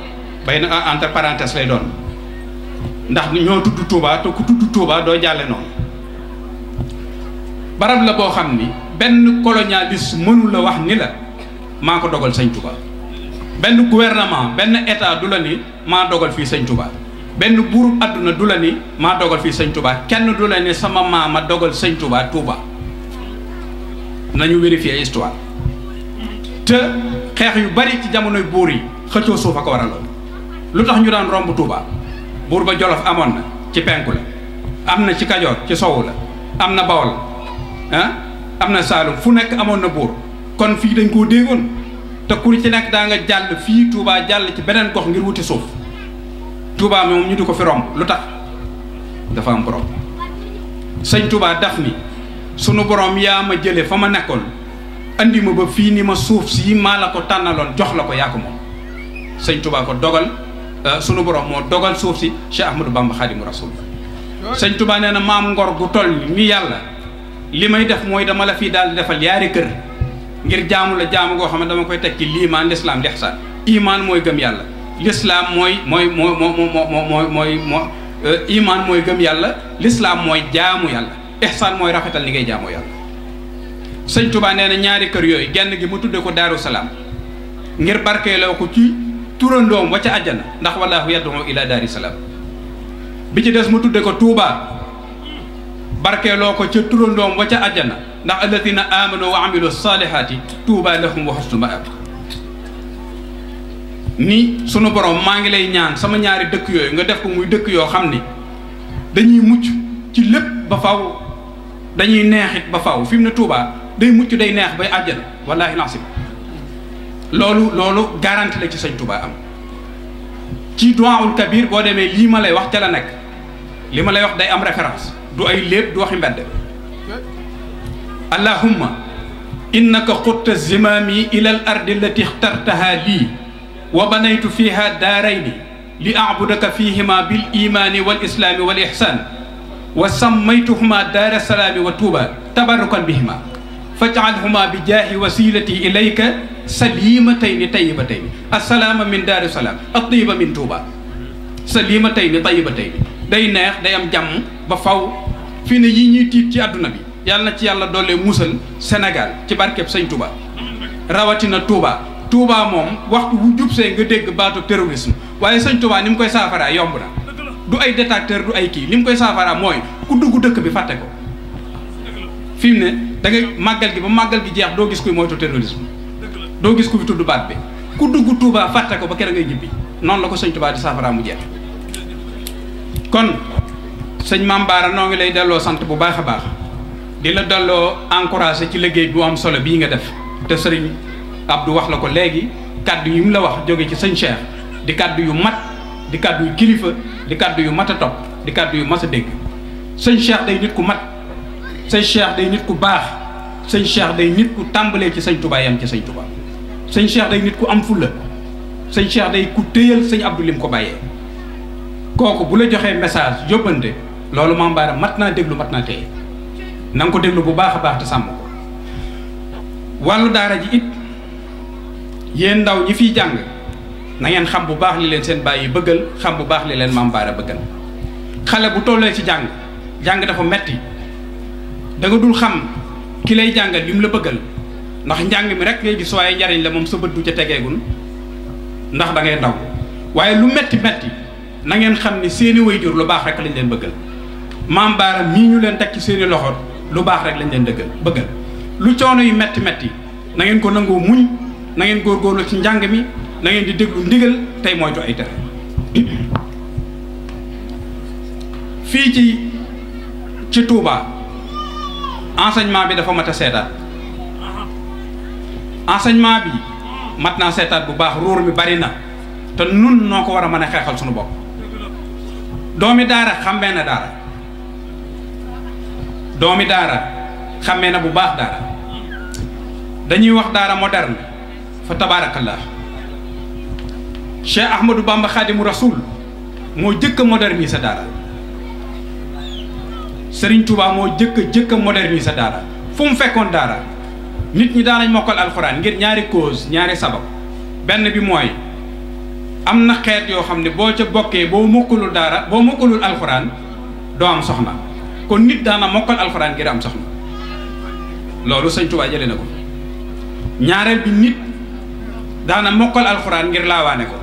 bay na entre parenthèse lay doon ndax ñoo tudd Touba te ku tudd tuubaa doo jàlle noonu barab la boo xam ni benn colonialiste mënu la wax ni la maa ko dogal sëñ Touba benn gouvernement benn état du la ni maa dogal fii sëñ Touba benn buurub àdduna du la ni maa dogal fii sëñ Touba kenn du la ni sama a dogal sëñ Touba Touba nañu vérifier histoire te xeex yu bari ci jamonoy buur yi xëccoo suuf a ko waraloon lu tax ñu daan romb tuubaa buur ba Jolof amoon na ci penku la am na ci Kajoor ci sowu la am na Bawol ah am na Saalum fu nekk amoon na buur kon fii dañ koo déggoon te ku ci nekk daa nga jàll fii tuubaa jàll ci beneen gox ngir wuti suuf tuubaa moom ñu di ko fi romb lu tax dafa am borom sëñ Touba daf ni sunu borom yaa ma jëlee fa ma nekkoon. andi ma ba fi ni ma suuf si maa la ko tànnaloon jox la ko yaa ko moom sëñ Touba ko dogal sunu borom moo dogal suuf si Cheikh Ahmadou Bamba Khadimu Rasul sëñ Touba nee na maam ngor gu toll ni yàlla li may def mooy dama la fi daal defal yaari kër ngir jaamu la jaamu goo xam ne dama koy tekki liimaan lislaam lixsaan iman mooy gëm yàlla lislaam mooy mooy moo moo moo mooy mooy moo iman mooy gëm yàlla lislaam mooy jaamu yàlla ihsaan mooy rafetal ni ngay jaamu yàlla seigne Touba nee ñaari kër yoy genn gi mu tudde ko daru salam ngir law ko ci turandom wa ca aljana ndax wallahu yad'u ila daru salam bi ci des mu tudde ko Touba law ko ci turandom wa ca aljana ndax allatheena amanu wa amilu salihati Touba lahum wa husnu maab ni sunu borom ma ngi lay ñaan sama ñaari dekk yoy nga def ko muy dekk yo xamni danyi dañuy mucc ci lepp ba faaw dañuy neexit ba faaw Touba day muccu day neex bay aljana wallahi nasib lolu lolu garantie la ci seigne touba am ci doaul kabir bo demé li ma lay wax ca la nek li ma lay wax day am référence du ay léeb du waxi mbedd allahumma innaka xutta zimaami ila al ardi allati ixtartaha lii wa banaytu fiha daarayni li abudaka fihima bil imaani wal islaami wal ixsaan wa sammaytuhuma daara salaami wa tuuba tabarukan bihima fajaalhuma bi jaahi wasilati ilayka salimatayni tayibatayni assalaama min daari salaam attiba min tuuba ba tayibatayni day neex day am jàmm ba faw fii ne yi ñuy tiit ci àdduna bi yàlla na ci yàlla doole musal Sénégal ci barkeb sëñ Touba rawatina Touba Touba moom wax waxtu wu jub see nga dégg baatu terrorisme waaye sëñ Touba ni mu koy saafaraa yomb na du ay détracteur du ay kii ni mu koy saafaraa mooy ku dugg dëkk bi fàtte ko fi mu ne da ngay màggal gi ba màggal gi jeex doo gis kuy moytu terrorisme doo gis ku fi tudd baat bi ku dugg Touba fàtte ko ba kera ngay ñibbi noonu la ko sëñ Touba di saafara mu jeex kon sëñ Mame noo ngi lay delloo sant bu baax a baax di la delloo encouragé ci liggéey bu am solo bii nga def te sëriñ Abdou wax la ko léegi kàddu yi mu la wax jóge ci sëñ Cheikh di kaddu yu mat di kaddu yu kilifa di kàddu yu mat a topp di kàddu yu mat a dégg sëñ Cheikh day ku mat. sëñ Cheikh day nit ku baax sëñ Cheikh day nit ku tàmbalee ci sëñ Touba yam ci sëñ Touba sañ Cheikh day nit ku am fulla sëñ Cheikh day ku téyal sëñ Abdou lim ko bàyyee kooku bu la joxee message yóbbante loolu Mame mat naa déglu mat naa téye na ko déglu bu baax a baax te sàmm ko wàllu daara ji it yéen ndaw ñi fiy jàng na ngeen xam bu baax li leen seen bàyyi bëggal xam bu baax li leen Mame Bara bëggal xale bu tollee ci jàng jàng dafa metti da dul xam ki lay jàngal li la bëggal ndax njàng mi rek ngay gis waaye njariñ la moom sa bët du ca tegeegul ndax da ngay ndaw waaye lu metti metti na ngeen xam ni seeni wayjur lu baax rek lañ leen bëggal maam baaram mii leen teg ci seeni loxo lu baax rek lañ leen dëggal bëggal coono yi metti metti na ngeen ko nangoo muñ na ngeen góorgóorlu ci njàng mi na di déglu ndigal tey moytu ay tere fii ji ci Touba. enseignement bi dafa mat a seetaat enseignement bi mat naa seetaat bu baax ruur mi bari na te nun noo ko war a mën a xeexal suñu bopp doomi daara xàmmee na daara doomi daara xàmmee na bu baax daara dañuy wax daara moderne fa tabaarakallah Cheikh Ahmadou Bamba Khadimu rasuul moo jëkk a moderniser daara sëriñ Touba moo jëkk a jëkk a moderniser daara fu mu fekkoon daara nit ñi daanañ mokkal alxuraan ngir ñaari cause ñaari sabab benn bi mooy am na xeet yoo xam ne boo ca bokkee boo mokkalul daara boo mokkalul alxuraan doo am soxna kon nit daana mokkal alxuraan ngir am soxna loolu Sëñ Touba jëlee na ko ñaareel bi nit daana mokkal alxuraan ngir laawaane ko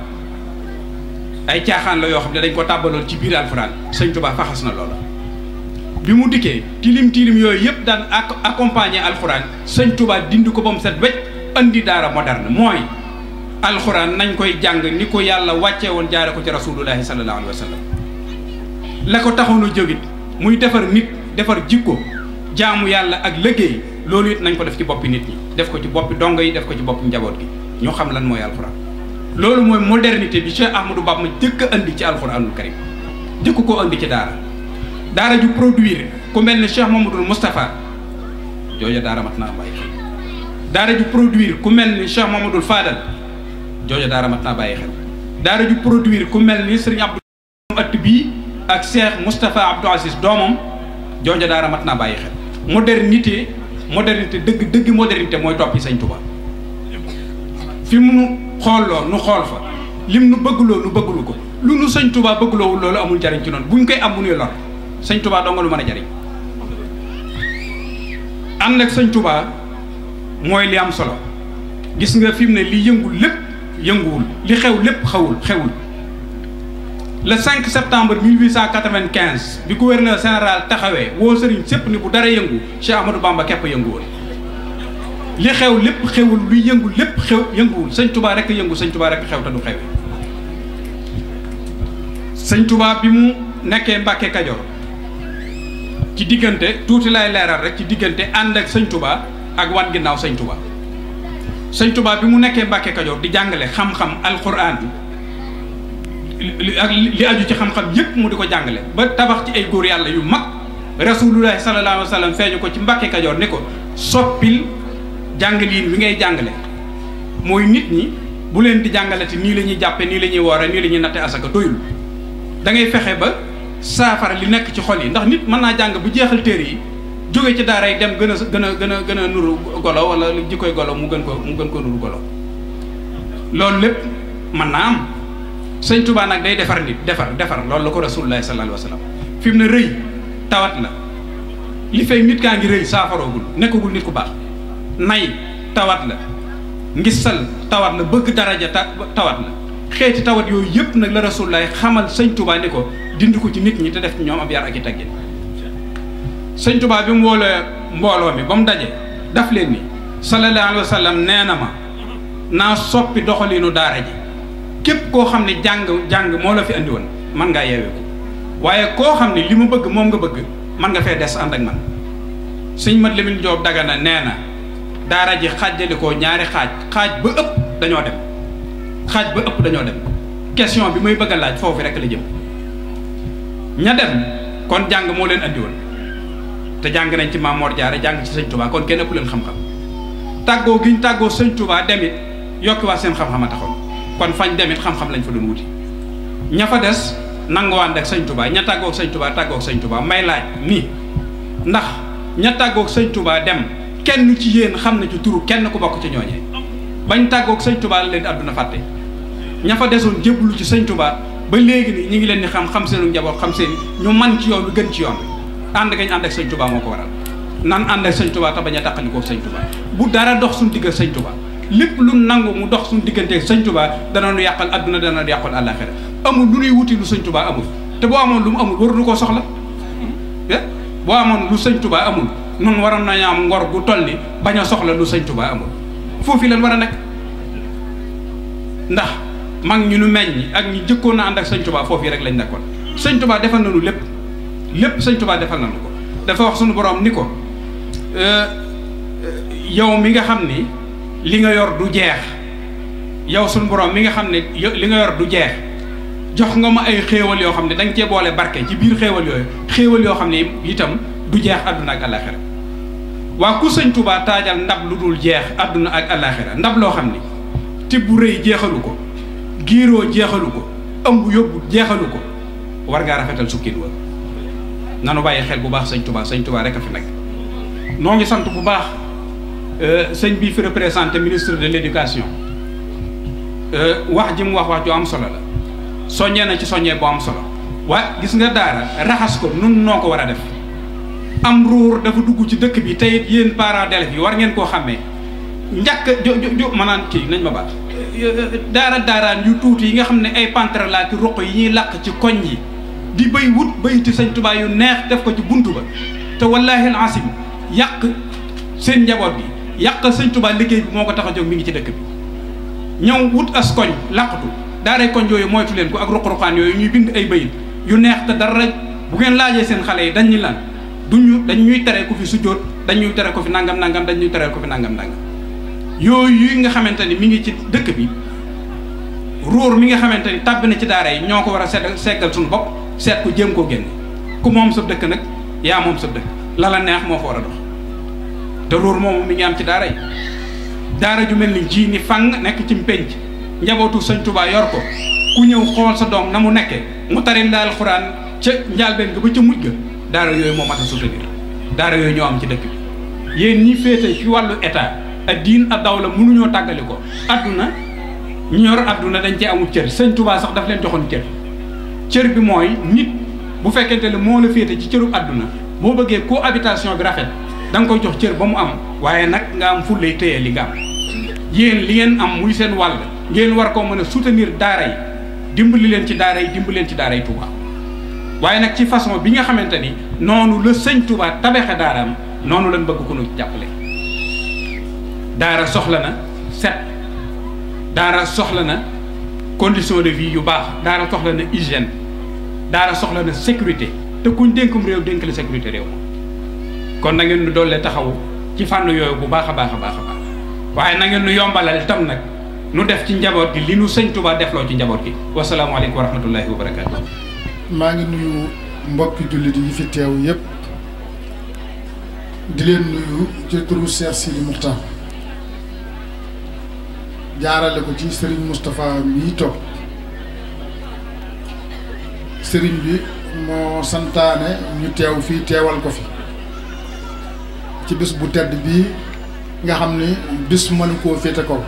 ay caaxaan la yoo xam ne dañ ko tàbbaloon ci biir alxuraan Sëñ Touba faxas na loola. bi mu dikkee tilim tilim yooyu yëpp daan accompagner alxuraan sëñ Touba dindi ko ba mu set wecc andi daara moderne mooy alxuraan nañ koy jàng ni ko yàlla wàcce woon jaare ko ci rasulullahi sallallahu alayhi wa sallam la ko taxoon a jógit muy defar nit defar jikko jaamu yàlla ak liggéey loolu it nañ ko def ci boppi nit yi def ko ci boppi dongo yi def ko ci boppi njaboot gi ñoo xam lan mooy alxuraan loolu mooy modernité bi Cheikh Ahmadou Bamba jëkk andi ci alxuraanul karim jëkk koo andi ci daara daara ju produire ku mel Cheikh Mamadou Moustapha daara mat daara ju produire ku mel Cheikh Mamadou Fadal daara mat ju produire ku Serigne Abdou ak Cheikh Moustapha Abdou Aziz domam modernité modernité modernité moy topi serigne touba nu xol lo nu xol fa lim nu nous nu nous ko lu nu nous amul jariñ ci sañ tubaa dong lu mën a jariñ ànd ak sëñ tubaa mooy li am solo gis nga fi mu ne li yëngul lépp yënguwul li xew lépp xawul xewul le 5 septembre 1895 bi gouverneur général taxawee woo sëriñ sépp ni bu dara yëngu Cheikh Ahmadou Bamba képp yëngu woon li xew lépp xewul luy yëngu lépp xew yënguwul sëñ tubaa rekk yëngu sëñ tubaa xew te du xew tubaa bi mu nekkee Mbàkke Kajoor ci diggante tuuti lay leeral rek ci diggante ànd ak sëñ tubaa ak wan ginnaaw sañ tubaa sëñ Touba bi mu nekkee Mbàkke Kajoor di jàngale xam-xam alquran li ak li aju ci xam-xam yépp mu di ko jàngale ba tabax ci ay góor yàlla yu mag rasulullahi sallallahu alayhi wa sallam feeñu ko ci Mbàkke Kajoor ni ko soppil jàngaliin wi ngay jàngale mooy nit ñi bu leen di jàngalati nii la ñuy jàppe nii la ñuy woore nii la ñuy natte asaka doyul da fexe ba saafara li nekk ci xol yi ndax nit mën naa jàng bu jeexal téere yi jóge ci daara yi dem gën a gën a gën a gën a nuru golo wala jikkoy golo mu gën ko mu gën ko nuru golo loolu lépp mën naa am sëñ Tuubaa nag day defar nit defar defar loolu la ko rasulullahi sallallahu alayhi wa sallam fi mu ne rëy tawat la li fay nit kaa ngi rëy saafaroogul nekkagul nit ku baax nay tawat la ngisal tawat la bëgg daraja tawat la xeeti tawat yooyu yëpp nag la rasulullahi xamal sëñ Tuubaa ni ko dindi ko ci nit ñi te def ñom ab yar ak i señ tuba bi mu mbolo mi bam daf leen ni sallallahu alaihi wasallam neena ma na ma soppi doxalinu daara ji kep ko xamni jang jang mo la fi andi won, man nga yewé ko waye ko xamni limu bëgg mom nga bëgg man nga fe dess and ak man señ mat lamine job dagana Nena, neena daara ji xaajalikoo ñaari xaj xaj ba ëpp dañoo dem xaj ba ëpp dañoo dem question bi muy bëgg laaj fofu rek la jëm ña dem kon jàng moo leen andi te jàng nañ ci Maam Mor jàng ci sëñ Touba kon kenn ëpp leen xam-xam tàggoo gi ñu tàggoo sëñ Touba demit yokkiwaat seen xam-xam a taxoon kon fañ demit xam-xam lañ fa doon wuti ña fa des nanguwaan ak sañ tubaa ña tàggoog sëñ Touba tàggoog sëñ tubaa may laaj nii ndax ña tàggoog sëñ tubaa dem kenn ci yéen xam na ci turu kenn ku bokk ci ñooñee bañ tàggoog sëñ Touba leen àdduna fàtte ña fa desoon jéblu ci sëñ Touba ba léegi ni ñu ngi leen di xam xam seenu njaboot xam seen ñu man ci yoon bi gën ci yoon bi ànd gañ ànd ak sëñ Tuubaa moo ko waral nan ànd ak sëñ Tuubaa te bañ a tàqalikoo sëñ Tuubaa bu dara dox suñ diggal sëñ Tuubaa lépp lu nangu mu dox suñ digganteeg sëñ Tuubaa dana nu yàqal adduna dana nu yàqal àllaaxira amul lu nuy wuti lu sëñ Tuubaa amul te boo amoon lu mu amul waruñu koo soxla eh? boo amoon lu sëñ Tuubaa amul noonu waroon na am ngor gu toll ni bañ a soxla lu sëñ Tuubaa amul foofu lan war a nekk ndax mag ñu nu meññ ak ñu jëkkoon a ànd ak sëñ Tuubaa foofu yi rek lañ nekkoon sëñ Tuubaa defal nañu lépp lépp sëñ Tuubaa defal nañu ko dafa wax suñu borom ni ko euh, euh, yow mi nga xam ni li nga yor du jeex yow suñu borom mi nga xam ne li nga yor du jeex jox nga ma ay xéewal yoo xam ne danga cee boole barke ci biir xéewal yooyu xéewal yoo xam ne itam du jeex àdduna ak àllaaxira waa ku sëñ tubaa taajal ndab lu dul jeex àdduna ak àllaaxira ndab loo xam ni tibb bu rëy jeexalu ko Giro jeexalu ko ëmb yóbbu jeexalu ko war nga rafetal sukkin wa nanu baye xel bu baax seigne touba seigne touba rek fi nak no ngi sante bu baax euh, seigne bi fi représenté ministre de l' euh wax ji wax wax ju am solo la na ci bu am solo wa gis nga daara rahas ko nun noko wara def am ruur dafa dugg ci dekk bi tayit yeen para d'élèves yi war ngeen ko xamé jo jo manan ki nañ ma baax daara daaraan yu tuuti yi nga xam ne ay pantre laa ki ruq yi ñuy làq ci koñ yi di bay wut ci sañ tubaay yu neex def ko ci buntu ba te wallaahi asim yàq seen njaboot bi yàq Sëñ Tuubaa liggéey bi moo ko tax a jóg mi ngi ci dëkk bi ñëw wut as koñ làqatu daaray koñ yooyu moytu leen ko ak ruq-ruqaan yooyu ñuy bind ay bayit yu neex te dara bu ngeen laajee seen xale yi dañ ñu lan duñu dañ ñuy tere ko fi sujjóot dañuy ñuy tere ko fi nangam nangam dañ ñuy tere ko fi nangam nangam yooyu yi nga xamante ni mi ngi ci dëkk bi ruur mi nga xamante ni tàbbi na ci daara yi ñoo ko war a seet seggal suñu bopp seet ko jéem koo génn ku moom sa dëkk nag yaa moom sa dëkk la la neex moo fa war a dox te ruur moomu mu ngi am ci daara yi daara ju mel ni ji ni fang nekk ci pénc njabootu sëñ tubaay yor ko ku ñëw xool sa doom na mu nekkee mu tari daal xuraan ca njaalbeen bi ba ca mujj ga daara yooyu moo mat a soutenir daara yooyu ñoo am ci dëkk bi yéen wàllu état ak diin ak la mënuñoo tàggale ko adduna ñu yor adduna dañ cee amul cër sëñ Tuubaa sax daf leen joxoon cër cër bi mooy nit bu fekkente ne moo la féete ci cërub adduna boo bëggee cohabitation bi rafet danga koy jox cër ba mu am waaye nag nga am fullay téye li nga am yéen li ngeen am muy seen wàll ngeen war koo mën a soutenir daara yi dimbali leen ci daara yi dimbali leen ci daara yi Touba waaye nag ci façon bi nga xamante ni noonu la sëñ tubaa tabaxe noonu lañ bëgg ko nu daara soxla na set daara soxla na condition de vie yu baax daara soxla na hygiène daara soxla na sécurité te kuñ dénkum réew dénk sécurité réew kon na ngeen nu doole taxawu ci fànn yooyu bu baax a baax a baax a baax waaye na ngeen yombalal itam nag nu def ci njaboot gi li nu sëñ Touba defloo ci njaboot gi wasalaamaaleykum wa rahmatullahi wa barakaatu. maa ngi nuyu mbokki jullit yi fi teew yëpp di leen nuyu ci turu Cheikh Sidi Moukhtar jaarale ko ci sëriñ Moustapha mii toog sëriñ bi moo santaane ñu teew fii teewal ko fi ci bis bu tedd bii nga xam ni bis mënu koo féete kaw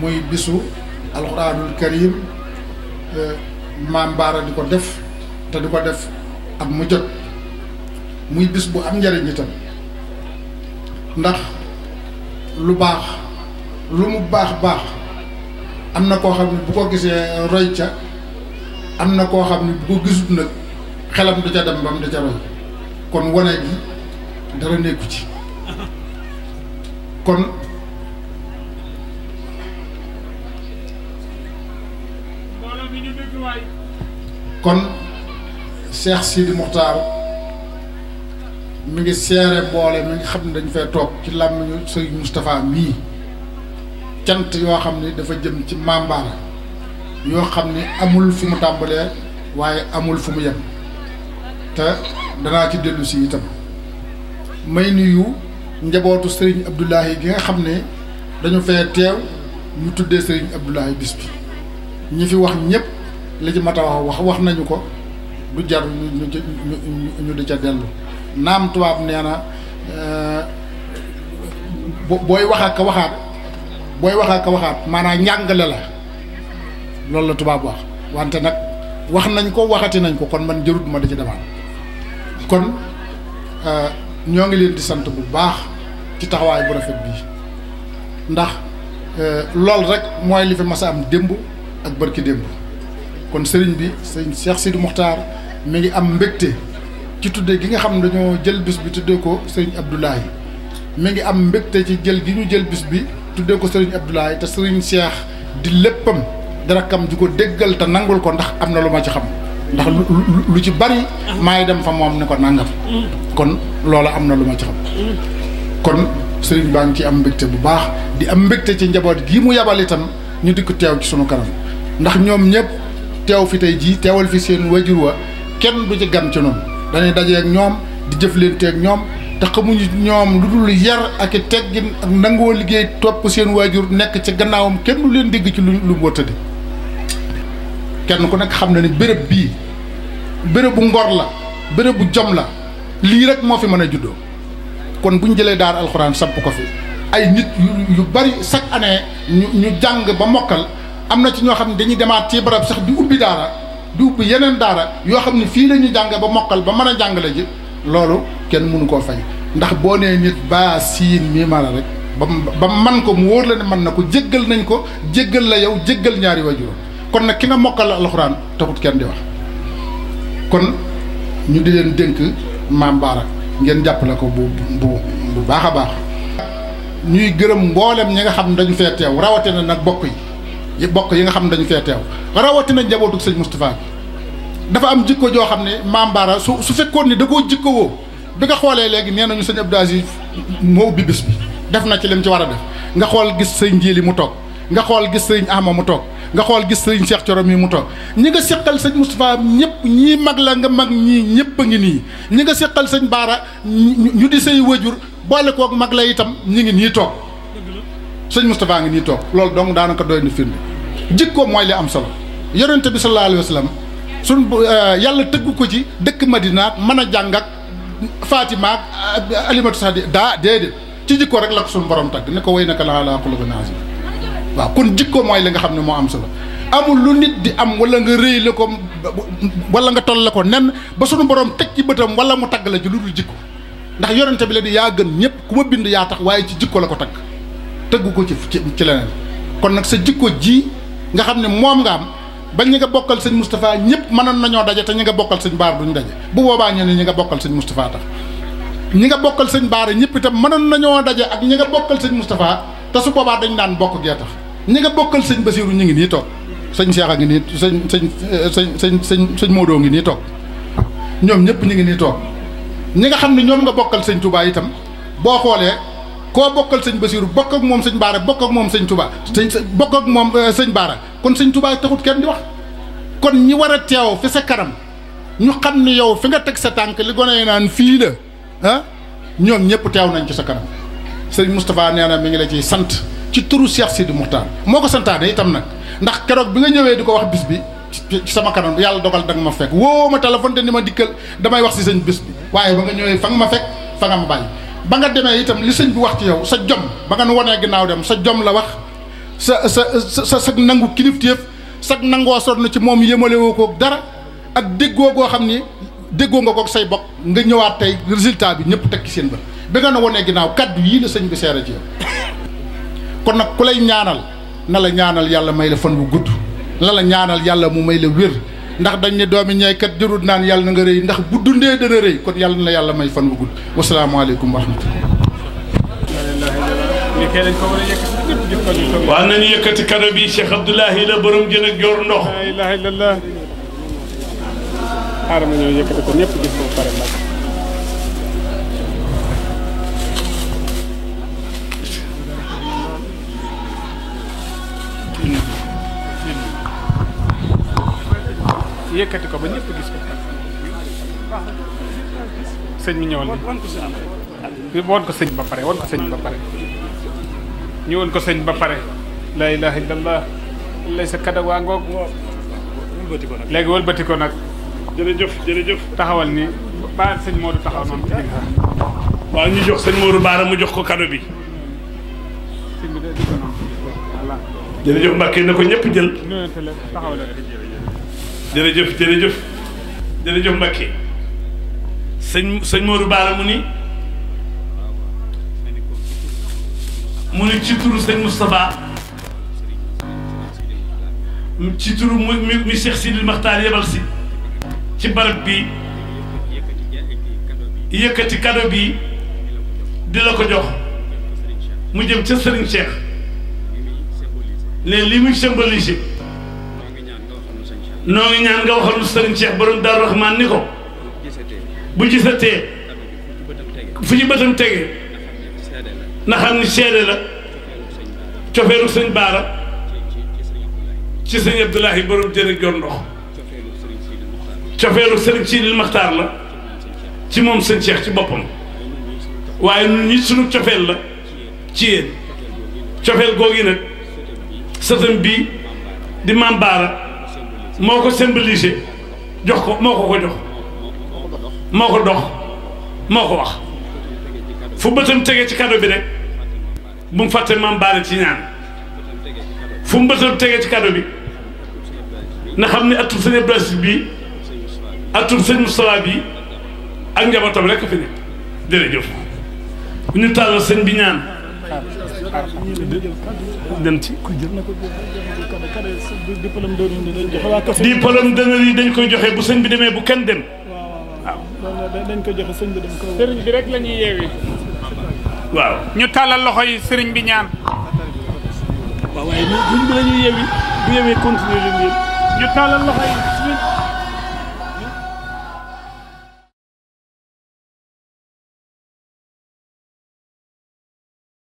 muy bisu alxuraanul karim eh, maam Baara di ko def te di ko def ak mu jot muy bis bu am njariñ itam ndax lu baax lu mu baax baax am na koo xam ne bu ko gisee roy ca am na koo xam ne bu ko gisut nag xelam du ca dem ba mu da ca roy kon wane gi dara nekku ci kon kon Cheikh Sidi Muxtaar mi ngi seere boole mi ngi xam ne dañ fee toog ci làmmiñu sëriñ Moustapha mii cant yoo xam ni dafa jëm ci Maam Bara yoo xam ni amul fu mu tàmbalee waaye amul fu mu yem te danaa ci dellu si itam may nuyu njabootu sëriñ Abdoulahi gi nga xam ne dañu fee teew ñu tuddee sëriñ Abdoulahi bis bi ñi fi wax ñëpp li ci mat wax wax nañu ko du jar ñu ñu ñu di ca dellu naam tubaab nee na euh, booy waxaat ka waxaat. boy wax ak waxat mana njàngale la loolu la tuba wax wante nak wax nañ ko waxati nañ ko kon man jërut ma ci kon euh, ñoo ngi leen di sant bu baax ci taxaway bu rafet bi ndax euh, loolu rek moy li fi massa am dembu ak barki dembu kon serigne bi serigne Cheikh Sidi Muxtaar mi ngi am mbekté ci tuddé gi nga xam dañoo jël bis bi tuddé ko serigne Abdoulaye mi ngi am mbekté ci jël gi ñu jël bis bi tuddee ko Serigne Abdoulaye te Serigne Cheikh di léppam dara kam di ko déggal te nangul ko ndax am na lu ma ci xam ndax lu ci bari maay dem fa moom ne ko nangam kon loola am na lu ma ci xam kon Serigne baa ngi ci am mbégte bu baax di am mbégte ci njaboot gii mu yabal itam ñu dikk teew ci sunu kanam ndax ñoom ñëpp teew fi tey jii teewal fi seen wajur wa kenn du ci gan ci noonu dañuy dajeeg ñoom di jëf jëflante ak ñoom xamuñu ñoom lu dul yar ak teggin ak nangoo liggéey topp seen wajur nekk ci gannaawam kenn du leen dégg ci lu lu mu kenn ku nekk xam na ni béréb bii bu ngor la bu jom la lii rek moo fi mën a kon buñ jëlee daar alxuraan samp ko fi ay nit yu bari chaque année ñu ñu jàng ba mokkal am na ci ñoo xam ne dañuy demaat ci barab sax di ubbi daara di ubbi yeneen daara yoo xam ne fii la ba mokkal ba mën a ji loolu kenn mënu koo fay ndax boo nee nit baa siin mii rek ba mu ba mu man ko mu wóor la ne man na ko jéggal nañ ko jëggal la yow jëggal ñaari waajuram kon nag ki nga mokkal la alxuraan taxut kenn di wax kon ñu di leen dénk maam ngeen jàpp jàppale ko bu bu bu baax a baax ñuy gërëm mboolem ñi nga xam dañu fee teew rawatina nag bokk yi bokk yi nga xam dañu fee teew rawatina njabootu sëñ Moustapha bi dafa am jikko joo xam ne maam Baara su su fekkoon ni da koo jikko woo bi nga xoolee léegi nee nañu sëñ Abdou Aziz moo ubbi bis bi def na ci lim ci war a def nga xool gis sëñ Njiili mu toog nga xool gis sëñ Ahma mu toog nga xool gis sëñ Cheikh Corom yi mu toog ñi nga seqal sëñ Moustapha ñëpp ñii mag la nga mag ñii ñëpp a ngi nii ñi nga seqal sëñ Baara ñu di say wajur boole koog mag la itam ñi ngi nii toog sëñ Moustapha ngi nii toog loolu donc daanaka doy na firnde jikko mooy li am solo yonente bi sallallahu alayhi wa sun euh, yàlla tëgg ko ci dëkk Madina ak mën a jàng ak Fatima ak euh, Alimatu sax daa déedéet ci jikko rek la ko suñu borom tagg ne ko way naka laa laa waaw kon jikko mooy li nga xam ne moo am solo amul lu nit di am wala nga rëy la ko wala nga toll la ko nen ba sunu borom teg ci bëtam wala mu tagg la ci lu dul jikko ndax yorente bi la di yaa gën ñëpp ku ma bind yaa tax waaye ci jikko la ko tag tëgg ko ci ci leneen kon nag sa jikko ji nga xam ne moom nga am. ba ñi nga bokkal sëñ Moustapha ñëpp mënoon nañoo daje te ñi nga bokkal sëñ Baar duñ daje bu boba ñu ne ñi nga bokkal sëñ Moustapha tax ñi nga bokkal sëñ Baar ñëpp itam mënoon nañoo daje ak ñi nga bokkal sëñ Moustapha te su boba dañ nan bokk gee tax ñi nga bokkal sëñ Basiiru ñu ngi ni tok seigne Cheikh ngi ni seigne seigne seigne seigne sëñ ngi ni tok ñom ñepp ñi ngi ni tok ñi nga xam ne nga bokkal seigne Touba itam bo xolé ko bokkal seigne basir bokk ak mom seigne bar bokk ak mom seigne Touba sëñ bokk ak mom euh, seigne bar kon sëñ touba taxut kenn di wax kon ñi wara tew fi sa karam ñu xamni yow fi nga tek sa tank li gone nan fi fii la ah ñoom ñëpp nañ ci sa karam sëñ mustapha neena mi ngi la ci sant ci turu Cheikh sidou Moukhtar moko ko santaane itam Nak ndax kérok bi nga ñëwé diko wax bis bi ci sama kanam yalla dogal dag ma fek wo ma telephone de ni ma dikkel damay wax ci sëñ bis bi waye ba nga ñëwé fa nga ma fekk fa nga ma bañ ba nga démé itam li sëñ bi wax ci yow sa jom ba nga nu wanee dem sa jom la wax sa sa sa sa nangu kilifteef sag nangoo sonn ci moom yëmalewoo kook dara ak déggoo goo xam ni déggoo nga koog say bokk nga ñëwaat tey résultat bi ñëpp tekki seen ba bi nga na wonee ginnaaw kaddu yii la sañ bi seera ci yow kon nag ku lay ñaanal na la ñaanal yàlla may la fan wu gudd na la ñaanal yàlla mu may la wér ndax dañ ne doomi ñay kat jërut naan yàlla na nga rëy ndax bu dundee dana rëy kon yàlla na la yàlla may fan wu gudd wasalaamaaleykum wa rahmatullah وانني يكتك ربي شيخ عبد الله الى برم جن الجورنو لا اله الا الله حرم ني يكتك نيب دي سو بارم يكتك با نيب دي سو سيني نيول وان كو سيني با باري وان كو سيني با باري ñëwoon ko sëñ ba pare laa ilaha illallah lay sa kada waa ngoog léegi wëlbati ko nag jërëjëf jërëjëf taxawal ni ba sëñ Modou taxaw noonu ci digg waaw ñu jox sëñ Modou Baara mu jox ko kado bi jërëjëf Mbacke na ko ñëpp jël jërëjëf jërëjëf jërëjëf Mbacke sëñ sëñ Modou Baara mu ni mu ne ci turu sëñ Moustapha ci turu mu mu mu Cheikh Sidil Maxtaar yebal si ci barab bi yëkkati cadeau bi di la ko jox mu jëm ca Serigne Cheikh ne li muy symboliser noo ngi ñaan nga waxal Serigne Cheikh borom Daaru Rahmaan ni ko bu gisatee fu ci bëtam tege na xam ni seede la cofeelu sëñ Baara ci sëñ Abdoulahi borom jërë joon ndox cofeelu sëriñ Sidil Maxtaar la ci moom sëñ Cheikh ci boppam waaye ñun ñi suñu cofeel la ci yéen cofeel googi nag sëtam bii di maam Baara moo ko symbolisé jox ko moo ko ko jox moo ko dox moo ko wax fu bëtam tege ci kado bi rek bu mu fàtte maam baale ci ñaan fu mu bëtam tegee ci kado bi na xam ne atum bi Ibrahima bii atum sëñ Moustapha bii ak njabootam rekk fi ne jërëjëf ñu tàllal sëñ bi ñaan dem ci diplôme d'honneur yi dañ koy joxe bu sëñ bi demee bu kenn dem waaw dañ koy joxe sëñ bi dem ko la waaw ñu tàllal loxo yi sëriñ bi ñaan. waaw waaye ñun loxo yi.